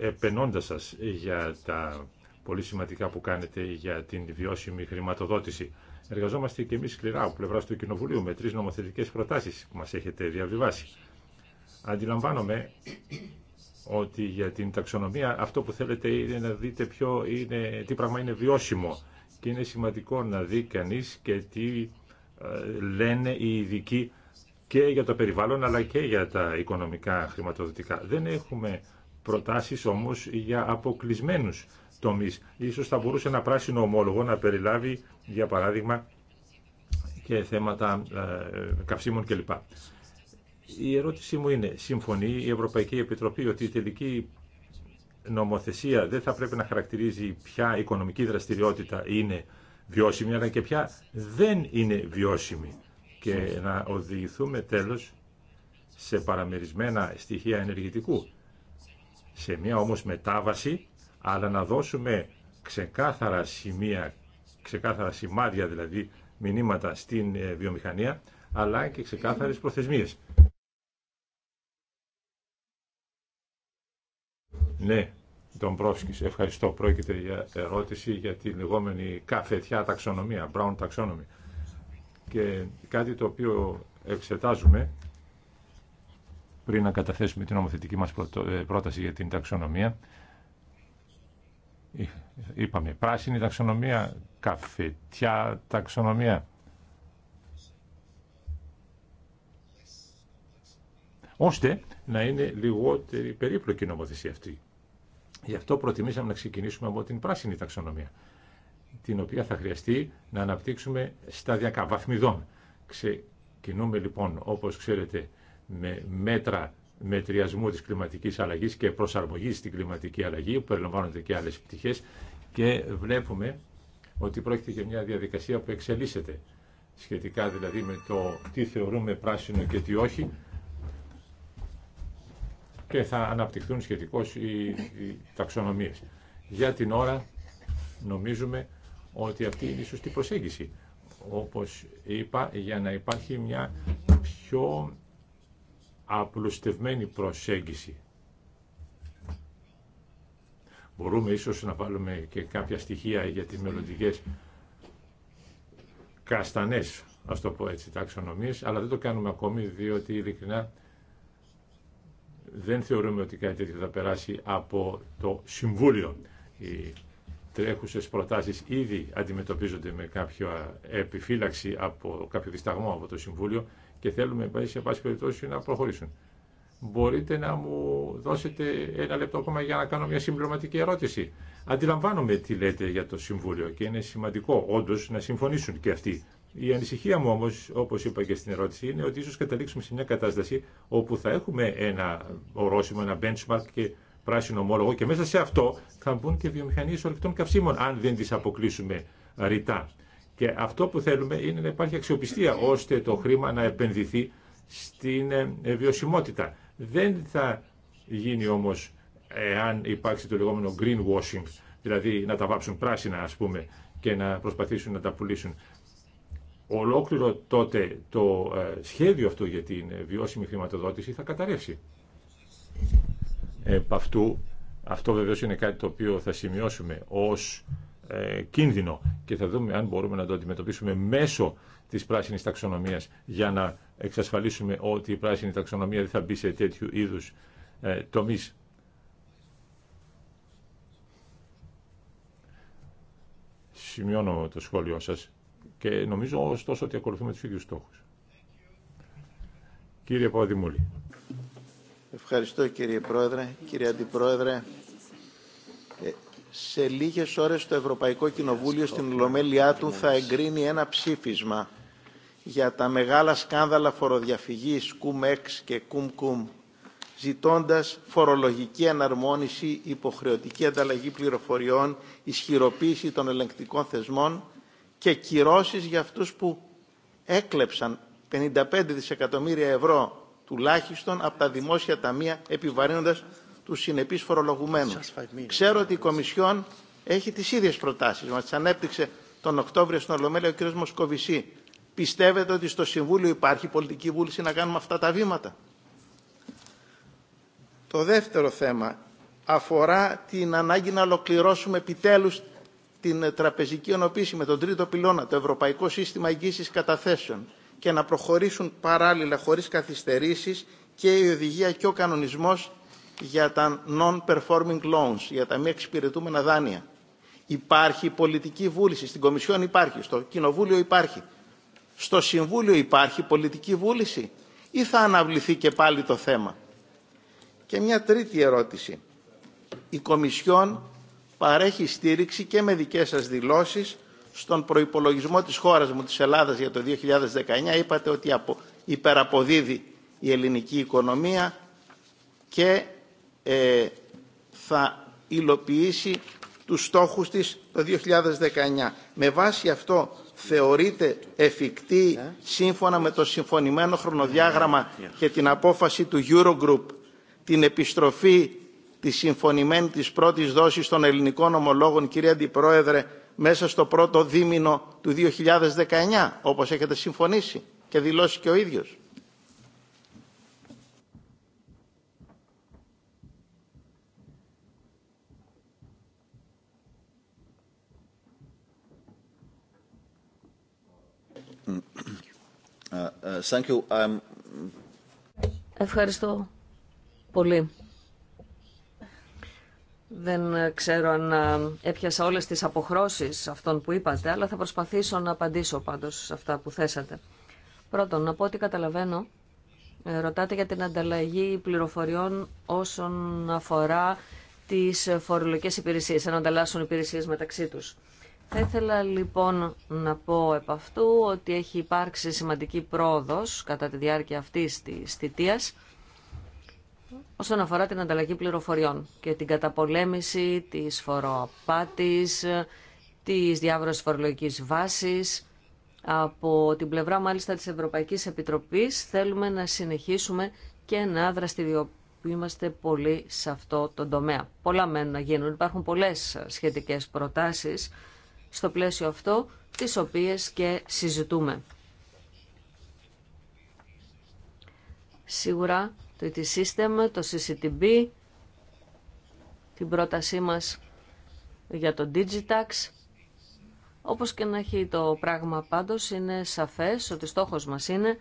επενώντας σας για τα πολύ σημαντικά που κάνετε για την βιώσιμη χρηματοδότηση. Εργαζόμαστε και εμείς σκληρά από πλευράς του Κοινοβουλίου με τρεις νομοθετικές προτάσεις που μας έχετε διαβιβάσει. Αντιλαμβάνομαι ότι για την ταξονομία αυτό που θέλετε είναι να δείτε ποιο είναι, τι πράγμα είναι βιώσιμο και είναι σημαντικό να δει κανείς και τι λένε οι ειδικοί και για το περιβάλλον αλλά και για τα οικονομικά χρηματοδοτικά. Δεν έχουμε προτάσεις όμως για αποκλεισμένους τομείς. Ίσως θα μπορούσε ένα πράσινο ομόλογο να περιλάβει για παράδειγμα και θέματα ε, καυσίμων κλπ. Η ερώτησή μου είναι, συμφωνεί η Ευρωπαϊκή Επιτροπή ότι η τελική νομοθεσία δεν θα πρέπει να χαρακτηρίζει ποια οικονομική δραστηριότητα είναι βιώσιμη αλλά και πια δεν είναι βιώσιμη και να οδηγηθούμε τέλος σε παραμερισμένα στοιχεία ενεργητικού. Σε μια όμως μετάβαση, αλλά να δώσουμε ξεκάθαρα σημεία, ξεκάθαρα σημάδια δηλαδή μηνύματα στην ε, βιομηχανία, αλλά και ξεκάθαρες προθεσμίες. Ναι, Ευχαριστώ. Πρόκειται για ερώτηση για τη λεγόμενη καφετιά ταξονομία, brown taxonomy. Και κάτι το οποίο εξετάζουμε πριν να καταθέσουμε την νομοθετική μας ε, πρόταση για την ταξονομία. Ε, είπαμε πράσινη ταξονομία, καφετιά ταξονομία. ώστε να είναι λιγότερη περίπλοκη νομοθεσία αυτή. Γι' αυτό προτιμήσαμε να ξεκινήσουμε από την πράσινη ταξονομία, την οποία θα χρειαστεί να αναπτύξουμε σταδιακά, βαθμιδών. Ξεκινούμε λοιπόν, όπως ξέρετε, με μέτρα μετριασμού της κλιματικής αλλαγής και προσαρμογής στην κλιματική αλλαγή, που περιλαμβάνονται και άλλες πτυχές, και βλέπουμε ότι πρόκειται για μια διαδικασία που εξελίσσεται, σχετικά δηλαδή με το τι θεωρούμε πράσινο και τι όχι, και θα αναπτυχθούν σχετικώς οι, οι ταξονομίες. Για την ώρα νομίζουμε ότι αυτή είναι η σωστή προσέγγιση. Όπως είπα, για να υπάρχει μια πιο απλουστευμένη προσέγγιση. Μπορούμε ίσως να βάλουμε και κάποια στοιχεία για τις μελλοντικέ καστανές, ας το πω έτσι, ταξονομίες, αλλά δεν το κάνουμε ακόμη, διότι ειλικρινά δεν θεωρούμε ότι κάτι τέτοιο θα περάσει από το Συμβούλιο. Οι τρέχουσε προτάσει ήδη αντιμετωπίζονται με κάποια επιφύλαξη από κάποιο δισταγμό από το Συμβούλιο και θέλουμε σε πάση περιπτώσει να προχωρήσουν. Μπορείτε να μου δώσετε ένα λεπτό ακόμα για να κάνω μια συμπληρωματική ερώτηση. Αντιλαμβάνομαι τι λέτε για το Συμβούλιο και είναι σημαντικό όντω να συμφωνήσουν και αυτοί η ανησυχία μου όμω, όπω είπα και στην ερώτηση, είναι ότι ίσω καταλήξουμε σε μια κατάσταση όπου θα έχουμε ένα ορόσημο, ένα benchmark και πράσινο ομόλογο και μέσα σε αυτό θα μπουν και βιομηχανίε ορεικτών καυσίμων, αν δεν τι αποκλείσουμε ρητά. Και αυτό που θέλουμε είναι να υπάρχει αξιοπιστία, ώστε το χρήμα να επενδυθεί στην ε, ε, βιωσιμότητα. Δεν θα γίνει όμω εάν υπάρξει το λεγόμενο greenwashing, δηλαδή να τα βάψουν πράσινα ας πούμε και να προσπαθήσουν να τα πουλήσουν ολόκληρο τότε το ε, σχέδιο αυτό για την ε, βιώσιμη χρηματοδότηση θα καταρρεύσει. Επ' αυτού, αυτό βεβαίως είναι κάτι το οποίο θα σημειώσουμε ως ε, κίνδυνο και θα δούμε αν μπορούμε να το αντιμετωπίσουμε μέσω της πράσινης ταξονομίας για να εξασφαλίσουμε ότι η πράσινη ταξονομία δεν θα μπει σε τέτοιου είδους ε, τομείς. Σημειώνω το σχόλιο σας και νομίζω ωστόσο ότι ακολουθούμε τους ίδιους στόχους. Κύριε Παπαδημούλη. Ευχαριστώ κύριε Πρόεδρε, κύριε Αντιπρόεδρε. Ε, σε λίγες ώρες το Ευρωπαϊκό Κοινοβούλιο στην Ολομέλειά του θα εγκρίνει ένα ψήφισμα για τα μεγάλα σκάνδαλα φοροδιαφυγής ΚΟΥΜΕΞ και ΚΟΥΜΚΟΥΜ ζητώντας φορολογική αναρμόνιση, υποχρεωτική ανταλλαγή πληροφοριών, ισχυροποίηση των ελεγκτικών θεσμών και κυρώσεις για αυτούς που έκλεψαν 55 δισεκατομμύρια ευρώ τουλάχιστον από τα δημόσια ταμεία επιβαρύνοντας τους συνεπείς φορολογουμένους. Ξέρω ότι η Κομισιόν έχει τις ίδιες προτάσεις. Μας τις ανέπτυξε τον Οκτώβριο στην Ολομέλεια ο κ. Μοσκοβισή. Πιστεύετε ότι στο Συμβούλιο υπάρχει πολιτική βούληση να κάνουμε αυτά τα βήματα. Το δεύτερο θέμα αφορά την ανάγκη να ολοκληρώσουμε επιτέλους την ε, τραπεζική ενοποίηση με τον τρίτο πυλώνα, το Ευρωπαϊκό Σύστημα Εγγύησης Καταθέσεων και να προχωρήσουν παράλληλα χωρίς καθυστερήσεις και η οδηγία και ο κανονισμός για τα non-performing loans, για τα μη εξυπηρετούμενα δάνεια. Υπάρχει πολιτική βούληση, στην Κομισιόν υπάρχει, στο Κοινοβούλιο υπάρχει. Στο Συμβούλιο υπάρχει πολιτική βούληση ή θα αναβληθεί και πάλι το θέμα. Και μια τρίτη ερώτηση. Η Κομισιόν παρέχει στήριξη και με δικές σας δηλώσεις στον προϋπολογισμό της χώρας μου, της Ελλάδας για το 2019. Είπατε ότι υπεραποδίδει η ελληνική οικονομία και ε, θα υλοποιήσει τους στόχους της το 2019. Με βάση αυτό θεωρείται εφικτή ναι. σύμφωνα με το συμφωνημένο χρονοδιάγραμμα ναι. και την απόφαση του Eurogroup την επιστροφή τη συμφωνημένη της πρώτης δόσης των ελληνικών ομολόγων, κύριε Αντιπρόεδρε, μέσα στο πρώτο δίμηνο του 2019, όπως έχετε συμφωνήσει και δηλώσει και ο ίδιος. Ε, ε, um, Ευχαριστώ πολύ. Δεν ξέρω αν ε, έπιασα όλες τις αποχρώσεις αυτών που είπατε, αλλά θα προσπαθήσω να απαντήσω πάντως σε αυτά που θέσατε. Πρώτον, από ό,τι καταλαβαίνω, ε, ρωτάτε για την ανταλλαγή πληροφοριών όσον αφορά τις φορολογικές υπηρεσίες, αν ανταλλάσσουν υπηρεσίες μεταξύ τους. Θα ήθελα λοιπόν να πω επ' αυτού ότι έχει υπάρξει σημαντική πρόοδος κατά τη διάρκεια αυτής της θητείας όσον αφορά την ανταλλαγή πληροφοριών και την καταπολέμηση της φοροαπάτης, της διάβρωσης φορολογικής βάσης. Από την πλευρά μάλιστα της Ευρωπαϊκής Επιτροπής θέλουμε να συνεχίσουμε και να δραστηριοποιούμαστε πολύ σε αυτό το τομέα. Πολλά μένουν να γίνουν. Υπάρχουν πολλές σχετικές προτάσεις στο πλαίσιο αυτό, τις οποίες και συζητούμε. Σίγουρα το IT System, το CCTB, την πρότασή μας για το Digitax. Όπως και να έχει το πράγμα πάντως, είναι σαφές ότι στόχος μας είναι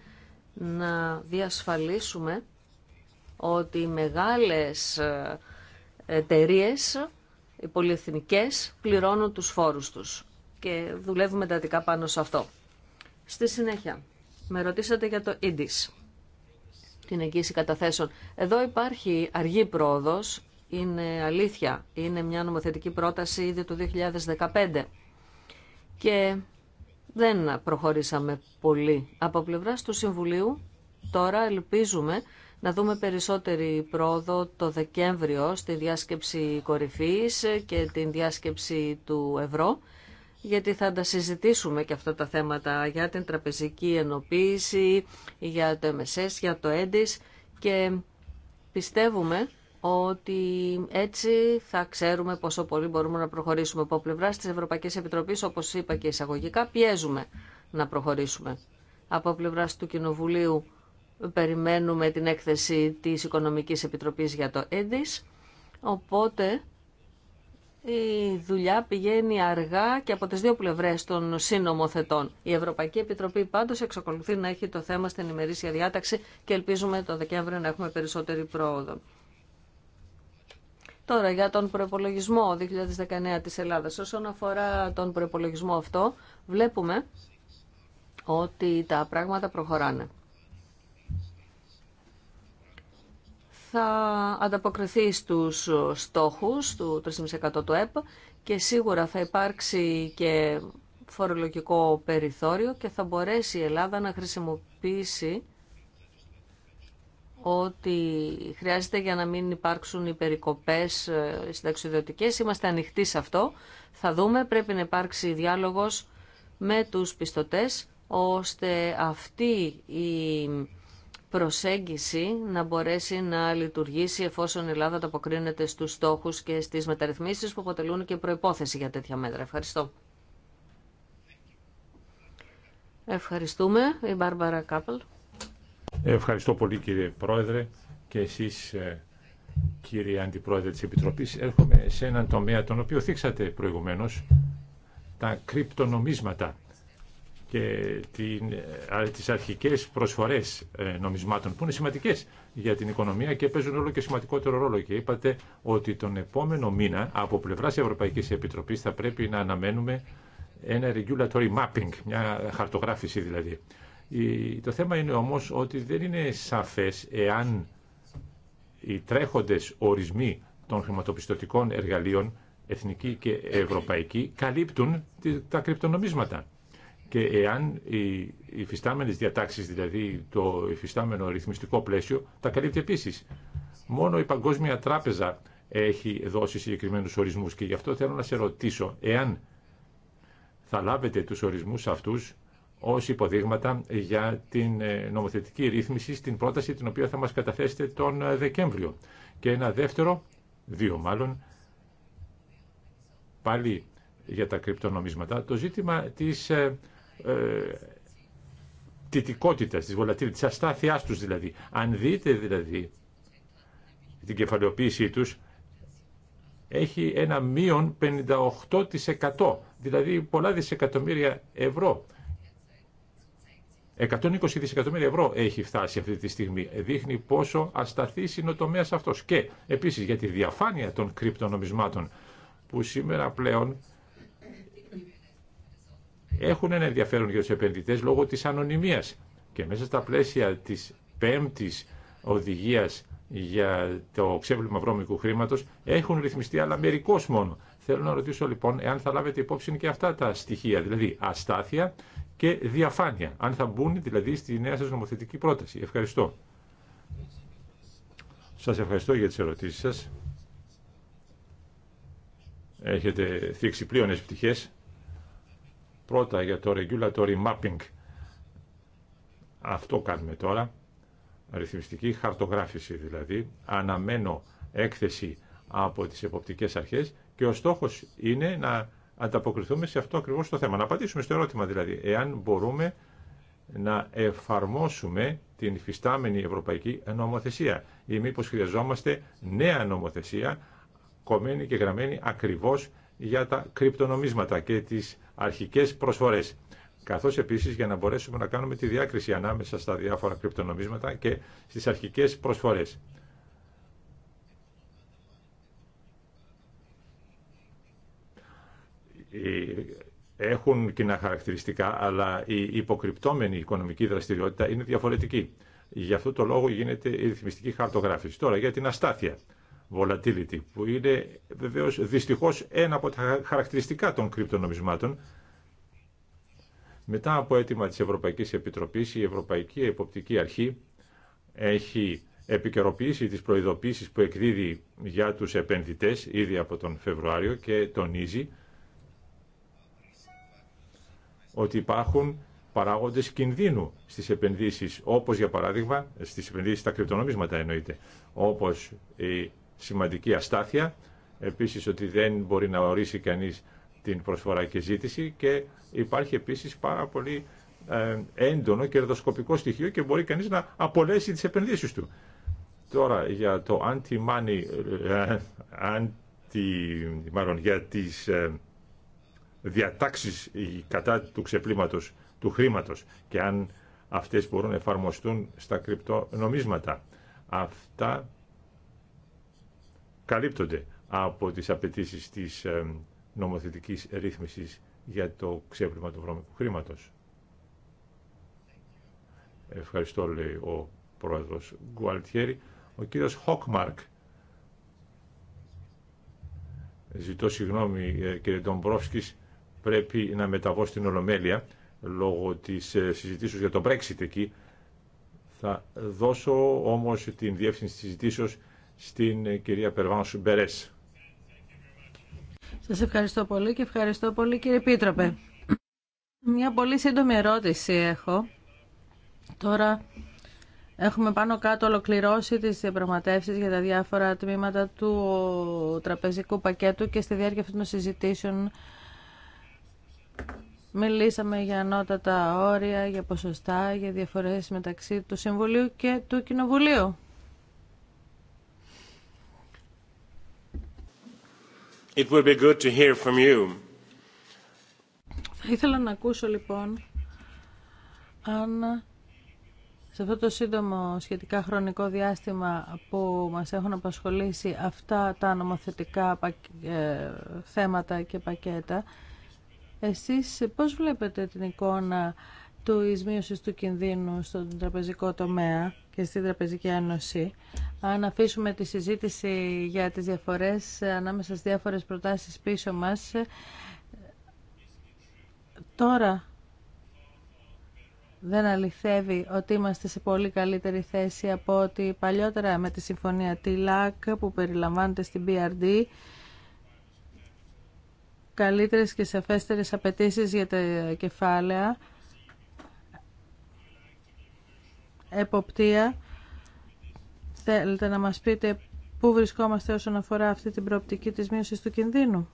να διασφαλίσουμε ότι οι μεγάλες ε, εταιρείε, οι πολυεθνικές, πληρώνουν τους φόρους τους. Και δουλεύουμε εντατικά πάνω σε αυτό. Στη συνέχεια, με ρωτήσατε για το EDIS την εγγύηση καταθέσεων. Εδώ υπάρχει αργή πρόοδος, είναι αλήθεια. Είναι μια νομοθετική πρόταση ήδη του 2015 και δεν προχωρήσαμε πολύ. Από πλευρά του Συμβουλίου τώρα ελπίζουμε να δούμε περισσότερη πρόοδο το Δεκέμβριο στη διάσκεψη κορυφής και την διάσκεψη του Ευρώ γιατί θα τα συζητήσουμε και αυτά τα θέματα για την τραπεζική ενοποίηση, για το MSS, για το EDIS και πιστεύουμε ότι έτσι θα ξέρουμε πόσο πολύ μπορούμε να προχωρήσουμε από πλευρά τη Ευρωπαϊκή Επιτροπή, όπω είπα και εισαγωγικά, πιέζουμε να προχωρήσουμε. Από πλευρά του Κοινοβουλίου περιμένουμε την έκθεση της Οικονομικής Επιτροπής για το EDIS, οπότε η δουλειά πηγαίνει αργά και από τις δύο πλευρές των συνομοθετών. Η Ευρωπαϊκή Επιτροπή πάντως εξακολουθεί να έχει το θέμα στην ημερήσια διάταξη και ελπίζουμε το Δεκέμβριο να έχουμε περισσότερη πρόοδο. Τώρα για τον προπολογισμό 2019 της Ελλάδας. Όσον αφορά τον προπολογισμό αυτό, βλέπουμε ότι τα πράγματα προχωράνε. θα ανταποκριθεί στους στόχους του 3,5% του ΕΠ και σίγουρα θα υπάρξει και φορολογικό περιθώριο και θα μπορέσει η Ελλάδα να χρησιμοποιήσει ότι χρειάζεται για να μην υπάρξουν οι περικοπές ε, συνταξιδιωτικές. Είμαστε ανοιχτοί σε αυτό. Θα δούμε, πρέπει να υπάρξει διάλογος με τους πιστωτές, ώστε αυτή η προσέγγιση να μπορέσει να λειτουργήσει εφόσον η Ελλάδα αποκρίνεται στους στόχους και στις μεταρρυθμίσεις που αποτελούν και προϋπόθεση για τέτοια μέτρα. Ευχαριστώ. Ευχαριστούμε. Η Μπάρμπαρα Κάπελ. Ευχαριστώ πολύ κύριε Πρόεδρε και εσείς ε, κύριε Αντιπρόεδρε της Επιτροπή, Έρχομαι σε έναν τομέα τον οποίο θίξατε προηγουμένως, τα κρυπτονομίσματα και την, ε, τις αρχικές προσφορές ε, νομισμάτων που είναι σημαντικές για την οικονομία και παίζουν όλο και σημαντικότερο ρόλο. Και είπατε ότι τον επόμενο μήνα από πλευράς Ευρωπαϊκής Επιτροπής θα πρέπει να αναμένουμε ένα regulatory mapping, μια χαρτογράφηση δηλαδή. Το θέμα είναι όμως ότι δεν είναι σαφές εάν οι τρέχοντες ορισμοί των χρηματοπιστωτικών εργαλείων, εθνική και ευρωπαϊκή, καλύπτουν τα κρυπτονομίσματα και εάν οι υφιστάμενες διατάξεις, δηλαδή το υφιστάμενο ρυθμιστικό πλαίσιο, τα καλύπτει επίσης. Μόνο η Παγκόσμια Τράπεζα έχει δώσει συγκεκριμένους ορισμούς και γι' αυτό θέλω να σε ρωτήσω εάν θα λάβετε τους ορισμούς αυτούς ως υποδείγματα για την ε, νομοθετική ρύθμιση στην πρόταση την οποία θα μας καταθέσετε τον ε, Δεκέμβριο. Και ένα δεύτερο, δύο μάλλον, πάλι για τα κρυπτονομίσματα, το ζήτημα της ε, ε, τη της βολατήρης, της αστάθειάς τους δηλαδή. Αν δείτε δηλαδή την κεφαλαιοποίησή τους, έχει ένα μείον 58%, δηλαδή πολλά δισεκατομμύρια ευρώ. 120 δισεκατομμύρια ευρώ έχει φτάσει αυτή τη στιγμή. Δείχνει πόσο ασταθή είναι ο τομέα αυτό. Και επίση για τη διαφάνεια των κρυπτονομισμάτων, που σήμερα πλέον έχουν ένα ενδιαφέρον για του επενδυτέ λόγω τη ανωνυμία Και μέσα στα πλαίσια της πέμπτη οδηγία για το ξέβλημα βρώμικου χρήματο έχουν ρυθμιστεί, αλλά μερικώ μόνο. Θέλω να ρωτήσω λοιπόν εάν θα λάβετε υπόψη και αυτά τα στοιχεία, δηλαδή αστάθεια και διαφάνεια, αν θα μπουν δηλαδή στη νέα σα νομοθετική πρόταση. Ευχαριστώ. Σας ευχαριστώ για τις ερωτήσεις σας. Έχετε θίξει πλέον πτυχές. Πρώτα για το regulatory mapping. Αυτό κάνουμε τώρα. Ρυθμιστική χαρτογράφηση δηλαδή. Αναμένω έκθεση από τις εποπτικές αρχές και ο στόχος είναι να ανταποκριθούμε σε αυτό ακριβώς το θέμα. Να απαντήσουμε στο ερώτημα δηλαδή, εάν μπορούμε να εφαρμόσουμε την υφιστάμενη ευρωπαϊκή νομοθεσία ή μήπως χρειαζόμαστε νέα νομοθεσία κομμένη και γραμμένη ακριβώς για τα κρυπτονομίσματα και τις Αρχικέ προσφορέ. Καθώς επίση για να μπορέσουμε να κάνουμε τη διάκριση ανάμεσα στα διάφορα κρυπτονομίσματα και στις αρχικές προσφορές. Έχουν κοινά χαρακτηριστικά, αλλά η υποκρυπτόμενη οικονομική δραστηριότητα είναι διαφορετική. Γι' αυτό το λόγο γίνεται η ρυθμιστική χαρτογράφηση. Τώρα για την αστάθεια volatility, που είναι βεβαίως δυστυχώς ένα από τα χαρακτηριστικά των κρυπτονομισμάτων. Μετά από αίτημα της Ευρωπαϊκής Επιτροπής, η Ευρωπαϊκή Εποπτική Αρχή έχει επικαιροποιήσει τις προειδοποίησεις που εκδίδει για τους επενδυτές ήδη από τον Φεβρουάριο και τονίζει ότι υπάρχουν παράγοντες κινδύνου στις επενδύσεις, όπως για παράδειγμα, στις επενδύσεις στα κρυπτονομίσματα εννοείται, όπως η σημαντική αστάθεια, επίσης ότι δεν μπορεί να ορίσει κανείς την προσφορά και ζήτηση και υπάρχει επίσης πάρα πολύ ε, έντονο κερδοσκοπικό στοιχείο και μπορεί κανείς να απολέσει τις επενδύσεις του. Τώρα για το anti-money, ε, anti, μάλλον για τις ε, διατάξεις κατά του ξεπλήματος του χρήματος και αν αυτές μπορούν να εφαρμοστούν στα κρυπτονομίσματα. Αυτά καλύπτονται από τις απαιτήσει της ε, νομοθετικής ρύθμισης για το ξέπλυμα του βρώμικου χρήματος. Ευχαριστώ, λέει ο πρόεδρος Γκουαλτιέρη. Ο κύριος Χόκμαρκ. Ζητώ συγγνώμη, ε, κύριε Ντομπρόφσκης, πρέπει να μεταβώ στην Ολομέλεια λόγω της ε, συζητήσεως για το Brexit εκεί. Θα δώσω όμως την διεύθυνση της συζητήσεως στην ε, κυρία Περβάνου Μπερές. Σας ευχαριστώ πολύ και ευχαριστώ πολύ κύριε Πίτροπε. Μια πολύ σύντομη ερώτηση έχω. Τώρα έχουμε πάνω κάτω ολοκληρώσει τις διαπραγματεύσει για τα διάφορα τμήματα του τραπεζικού πακέτου και στη διάρκεια αυτών των συζητήσεων Μιλήσαμε για ανώτατα όρια, για ποσοστά, για διαφορές μεταξύ του Συμβουλίου και του Κοινοβουλίου. Θα ήθελα να ακούσω λοιπόν αν σε αυτό το σύντομο σχετικά χρονικό διάστημα που μας έχουν απασχολήσει αυτά τα νομοθετικά ε, θέματα και πακέτα, εσείς πώς βλέπετε την εικόνα του εισμείωσης του κινδύνου στον τραπεζικό τομέα και στην Τραπεζική Ένωση. Αν αφήσουμε τη συζήτηση για τις διαφορές ανάμεσα στις διάφορες προτάσεις πίσω μας, τώρα δεν αληθεύει ότι είμαστε σε πολύ καλύτερη θέση από ότι παλιότερα με τη συμφωνία TILAC που περιλαμβάνεται στην BRD καλύτερες και σαφέστερες απαιτήσει για τα κεφάλαια εποπτεία. Θέλετε να μας πείτε πού βρισκόμαστε όσον αφορά αυτή την προοπτική της μείωσης του κινδύνου.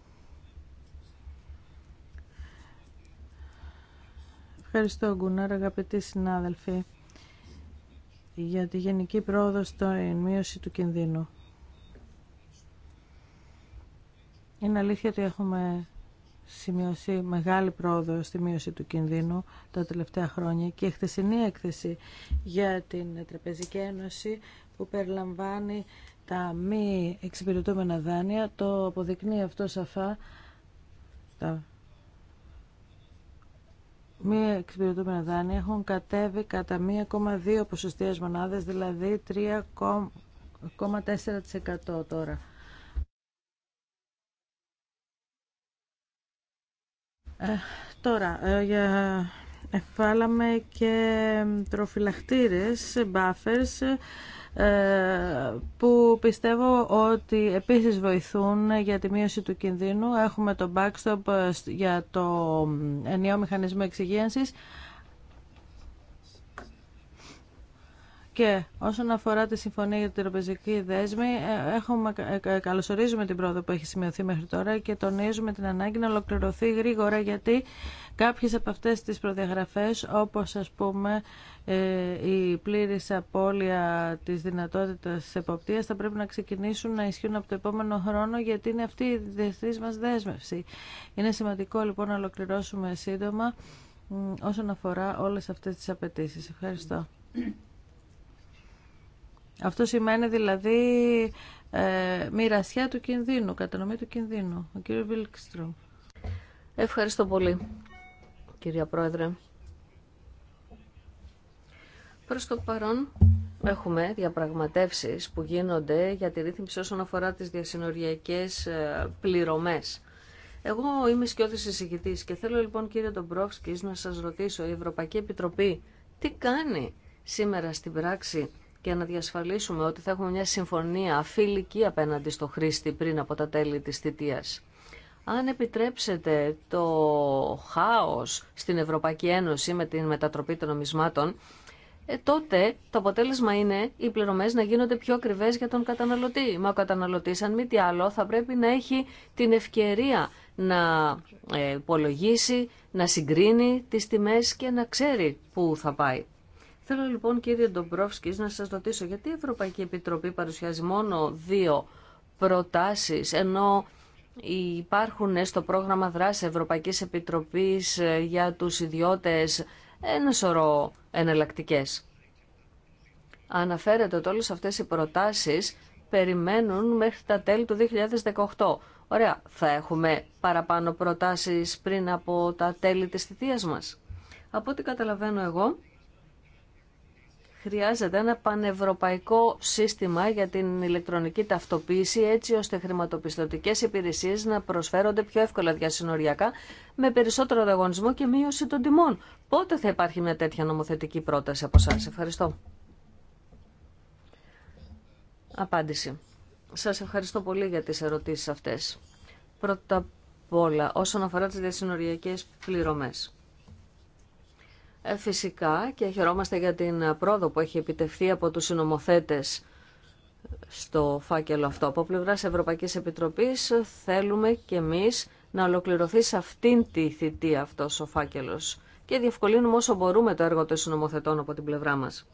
Ευχαριστώ, Γκουνάρ, αγαπητοί συνάδελφοι, για τη γενική πρόοδο στην μείωση του κινδύνου. Είναι αλήθεια ότι έχουμε σημειωθεί μεγάλη πρόοδο στη μείωση του κινδύνου τα τελευταία χρόνια και η χθεσινή έκθεση για την Τραπεζική Ένωση που περιλαμβάνει τα μη εξυπηρετούμενα δάνεια το αποδεικνύει αυτό σαφά τα μη εξυπηρετούμενα δάνεια έχουν κατέβει κατά 1,2 ποσοστιαίες μονάδες δηλαδή 3,4% τώρα. Ε, τώρα, ε, για... Εφάλαμε και τροφυλακτήρες, buffers, ε, που πιστεύω ότι επίσης βοηθούν για τη μείωση του κινδύνου. Έχουμε το backstop για το ενιαίο μηχανισμό εξυγίανσης. Και όσον αφορά τη συμφωνία για την τραπεζική δέσμη, ε, έχουμε, ε, ε, καλωσορίζουμε την πρόοδο που έχει σημειωθεί μέχρι τώρα και τονίζουμε την ανάγκη να ολοκληρωθεί γρήγορα γιατί κάποιες από αυτές τις προδιαγραφές, όπως ας πούμε η πλήρης απώλεια της δυνατότητας εποπτείας, θα πρέπει να ξεκινήσουν να ισχύουν από το επόμενο χρόνο γιατί είναι αυτή η διεθνής μας δέσμευση. Είναι σημαντικό λοιπόν να ολοκληρώσουμε σύντομα όσον αφορά όλες αυτές τις απαιτήσει. Ευχαριστώ. Αυτό σημαίνει δηλαδή ε, μοιρασιά του κινδύνου, κατανομή του κινδύνου. Ο κύριο Βίλκστρομ. Ευχαριστώ πολύ, κυρία Πρόεδρε. Προς το παρόν έχουμε διαπραγματεύσεις που γίνονται για τη ρύθμιση όσον αφορά τις διασυνοριακές ε, πληρωμές. Εγώ είμαι σκιώδης εισηγητής και θέλω λοιπόν κύριε Ντομπρόφσκης να σας ρωτήσω η Ευρωπαϊκή Επιτροπή τι κάνει σήμερα στην πράξη για να διασφαλίσουμε ότι θα έχουμε μια συμφωνία φιλική απέναντι στο χρήστη πριν από τα τέλη της θητείας. Αν επιτρέψετε το χάος στην Ευρωπαϊκή Ένωση με την μετατροπή των νομισμάτων, ε, τότε το αποτέλεσμα είναι οι πληρωμές να γίνονται πιο ακριβές για τον καταναλωτή. Μα ο καταναλωτής, αν μη τι άλλο, θα πρέπει να έχει την ευκαιρία να ε, υπολογίσει, να συγκρίνει τις τιμές και να ξέρει πού θα πάει. Θέλω λοιπόν κύριε Ντομπρόφσκη να σας ρωτήσω γιατί η Ευρωπαϊκή Επιτροπή παρουσιάζει μόνο δύο προτάσεις ενώ υπάρχουν στο πρόγραμμα δράση Ευρωπαϊκής Επιτροπής ε, για τους ιδιώτες ένα σωρό εναλλακτικέ. Αναφέρεται ότι όλες αυτές οι προτάσεις περιμένουν μέχρι τα τέλη του 2018. Ωραία, θα έχουμε παραπάνω προτάσεις πριν από τα τέλη της θητείας μας. Από ό,τι καταλαβαίνω εγώ, χρειάζεται ένα πανευρωπαϊκό σύστημα για την ηλεκτρονική ταυτοποίηση έτσι ώστε χρηματοπιστωτικές υπηρεσίες να προσφέρονται πιο εύκολα διασυνοριακά με περισσότερο ανταγωνισμό και μείωση των τιμών. Πότε θα υπάρχει μια τέτοια νομοθετική πρόταση από εσά. Ευχαριστώ. Απάντηση. Σας ευχαριστώ πολύ για τις ερωτήσεις αυτές. Πρώτα απ' όλα, όσον αφορά τις διασυνοριακές πληρωμές. Ε, φυσικά και χαιρόμαστε για την πρόοδο που έχει επιτευχθεί από τους συνομοθέτες στο φάκελο αυτό. Από πλευρά Ευρωπαϊκής Επιτροπής θέλουμε και εμείς να ολοκληρωθεί σε αυτήν τη θητεία αυτός ο φάκελος και διευκολύνουμε όσο μπορούμε το έργο των συνομοθετών από την πλευρά μας.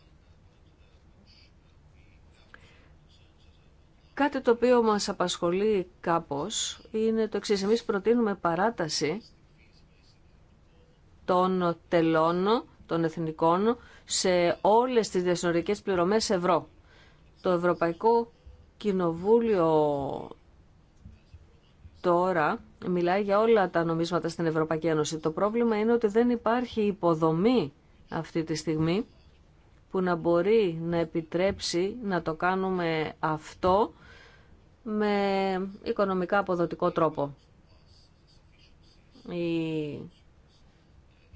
Κάτι το οποίο μας απασχολεί κάπως είναι το εξής. Εμείς προτείνουμε παράταση των τελών των εθνικών σε όλες τις διασυνορικές πληρωμές ευρώ. Το Ευρωπαϊκό Κοινοβούλιο τώρα μιλάει για όλα τα νομίσματα στην Ευρωπαϊκή Ένωση. Το πρόβλημα είναι ότι δεν υπάρχει υποδομή αυτή τη στιγμή που να μπορεί να επιτρέψει να το κάνουμε αυτό με οικονομικά αποδοτικό τρόπο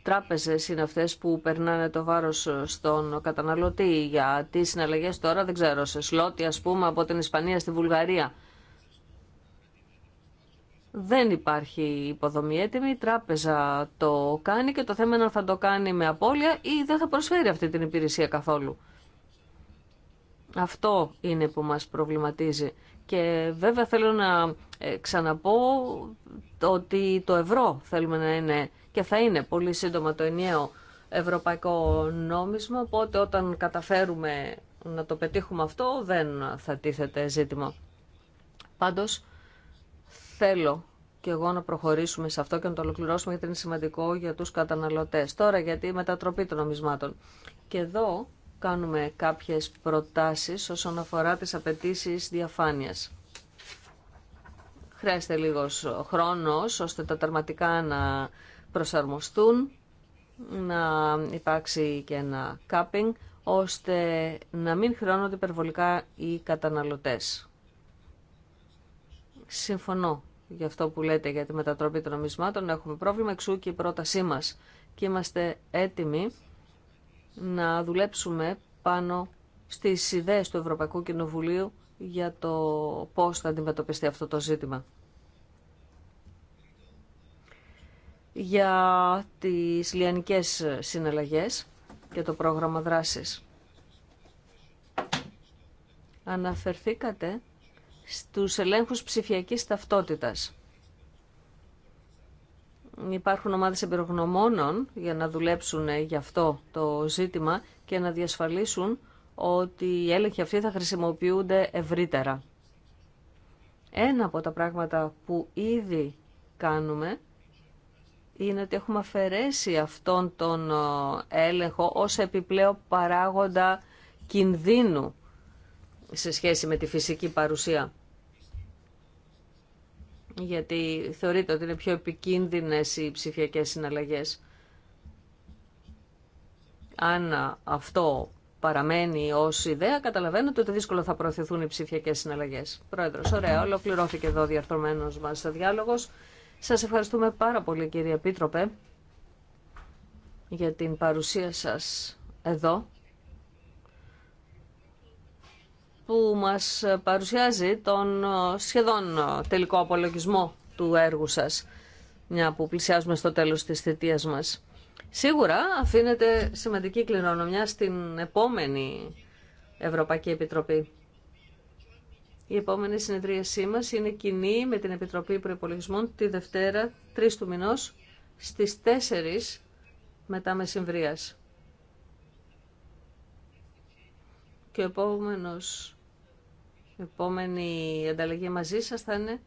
τράπεζες είναι αυτές που περνάνε το βάρος στον καταναλωτή για τις συναλλαγές τώρα, δεν ξέρω, σε σλότι ας πούμε από την Ισπανία στη Βουλγαρία. Δεν υπάρχει υποδομή έτοιμη, η τράπεζα το κάνει και το θέμα είναι αν θα το κάνει με απώλεια ή δεν θα προσφέρει αυτή την υπηρεσία καθόλου. Αυτό είναι που μας προβληματίζει. Και βέβαια θέλω να ε, ξαναπώ ότι το ευρώ θέλουμε να είναι και θα είναι πολύ σύντομα το ενιαίο ευρωπαϊκό νόμισμα, οπότε όταν καταφέρουμε να το πετύχουμε αυτό δεν θα τίθεται ζήτημα. Πάντως θέλω και εγώ να προχωρήσουμε σε αυτό και να το ολοκληρώσουμε γιατί είναι σημαντικό για τους καταναλωτές. Τώρα γιατί μετατροπή των νομισμάτων. Και εδώ κάνουμε κάποιες προτάσεις όσον αφορά τις απαιτήσεις διαφάνειας. Χρειάζεται λίγος χρόνος ώστε τα τερματικά να προσαρμοστούν, να υπάρξει και ένα κάπινγκ, ώστε να μην χρεώνονται υπερβολικά οι καταναλωτές. Συμφωνώ για αυτό που λέτε για τη μετατροπή των νομισμάτων. Έχουμε πρόβλημα εξού και η πρότασή μας και είμαστε έτοιμοι να δουλέψουμε πάνω στις ιδέες του Ευρωπαϊκού Κοινοβουλίου για το πώς θα αντιμετωπιστεί αυτό το ζήτημα. Για τις λιανικές συναλλαγές και το πρόγραμμα δράσης. Αναφερθήκατε στους ελέγχους ψηφιακής ταυτότητας υπάρχουν ομάδες εμπειρογνωμόνων για να δουλέψουν γι' αυτό το ζήτημα και να διασφαλίσουν ότι οι έλεγχοι αυτοί θα χρησιμοποιούνται ευρύτερα. Ένα από τα πράγματα που ήδη κάνουμε είναι ότι έχουμε αφαιρέσει αυτόν τον ε, έλεγχο ως επιπλέον παράγοντα κινδύνου σε σχέση με τη φυσική παρουσία γιατί θεωρείται ότι είναι πιο επικίνδυνες οι ψηφιακές συναλλαγές. Αν αυτό παραμένει ως ιδέα, καταλαβαίνετε ότι δύσκολο θα προωθηθούν οι ψηφιακές συναλλαγές. Πρόεδρος, ωραία, ολοκληρώθηκε εδώ διαρθρωμένος μας ο διάλογος. Σας ευχαριστούμε πάρα πολύ κύριε Επίτροπε για την παρουσία σας εδώ που μας παρουσιάζει τον ε, σχεδόν ε, τελικό απολογισμό του έργου σας, μια που πλησιάζουμε στο τέλος της θητείας μας. Σίγουρα αφήνεται σημαντική κληρονομιά στην επόμενη Ευρωπαϊκή Επιτροπή. Η επόμενη συνεδρίασή μας είναι κοινή με την Επιτροπή Προϋπολογισμών τη Δευτέρα 3 του μηνός στις 4 μετά μεσημβρίας. Και ο επόμενος η επόμενη ανταλλαγή μαζί σας θα είναι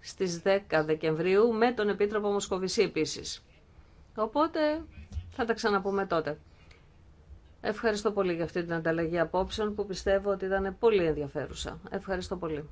στις 10 Δεκεμβρίου με τον Επίτροπο Μοσκοβισή επίσης. Οπότε θα τα ξαναπούμε τότε. Ευχαριστώ πολύ για αυτή την ανταλλαγή απόψεων που πιστεύω ότι ήταν πολύ ενδιαφέρουσα. Ευχαριστώ πολύ.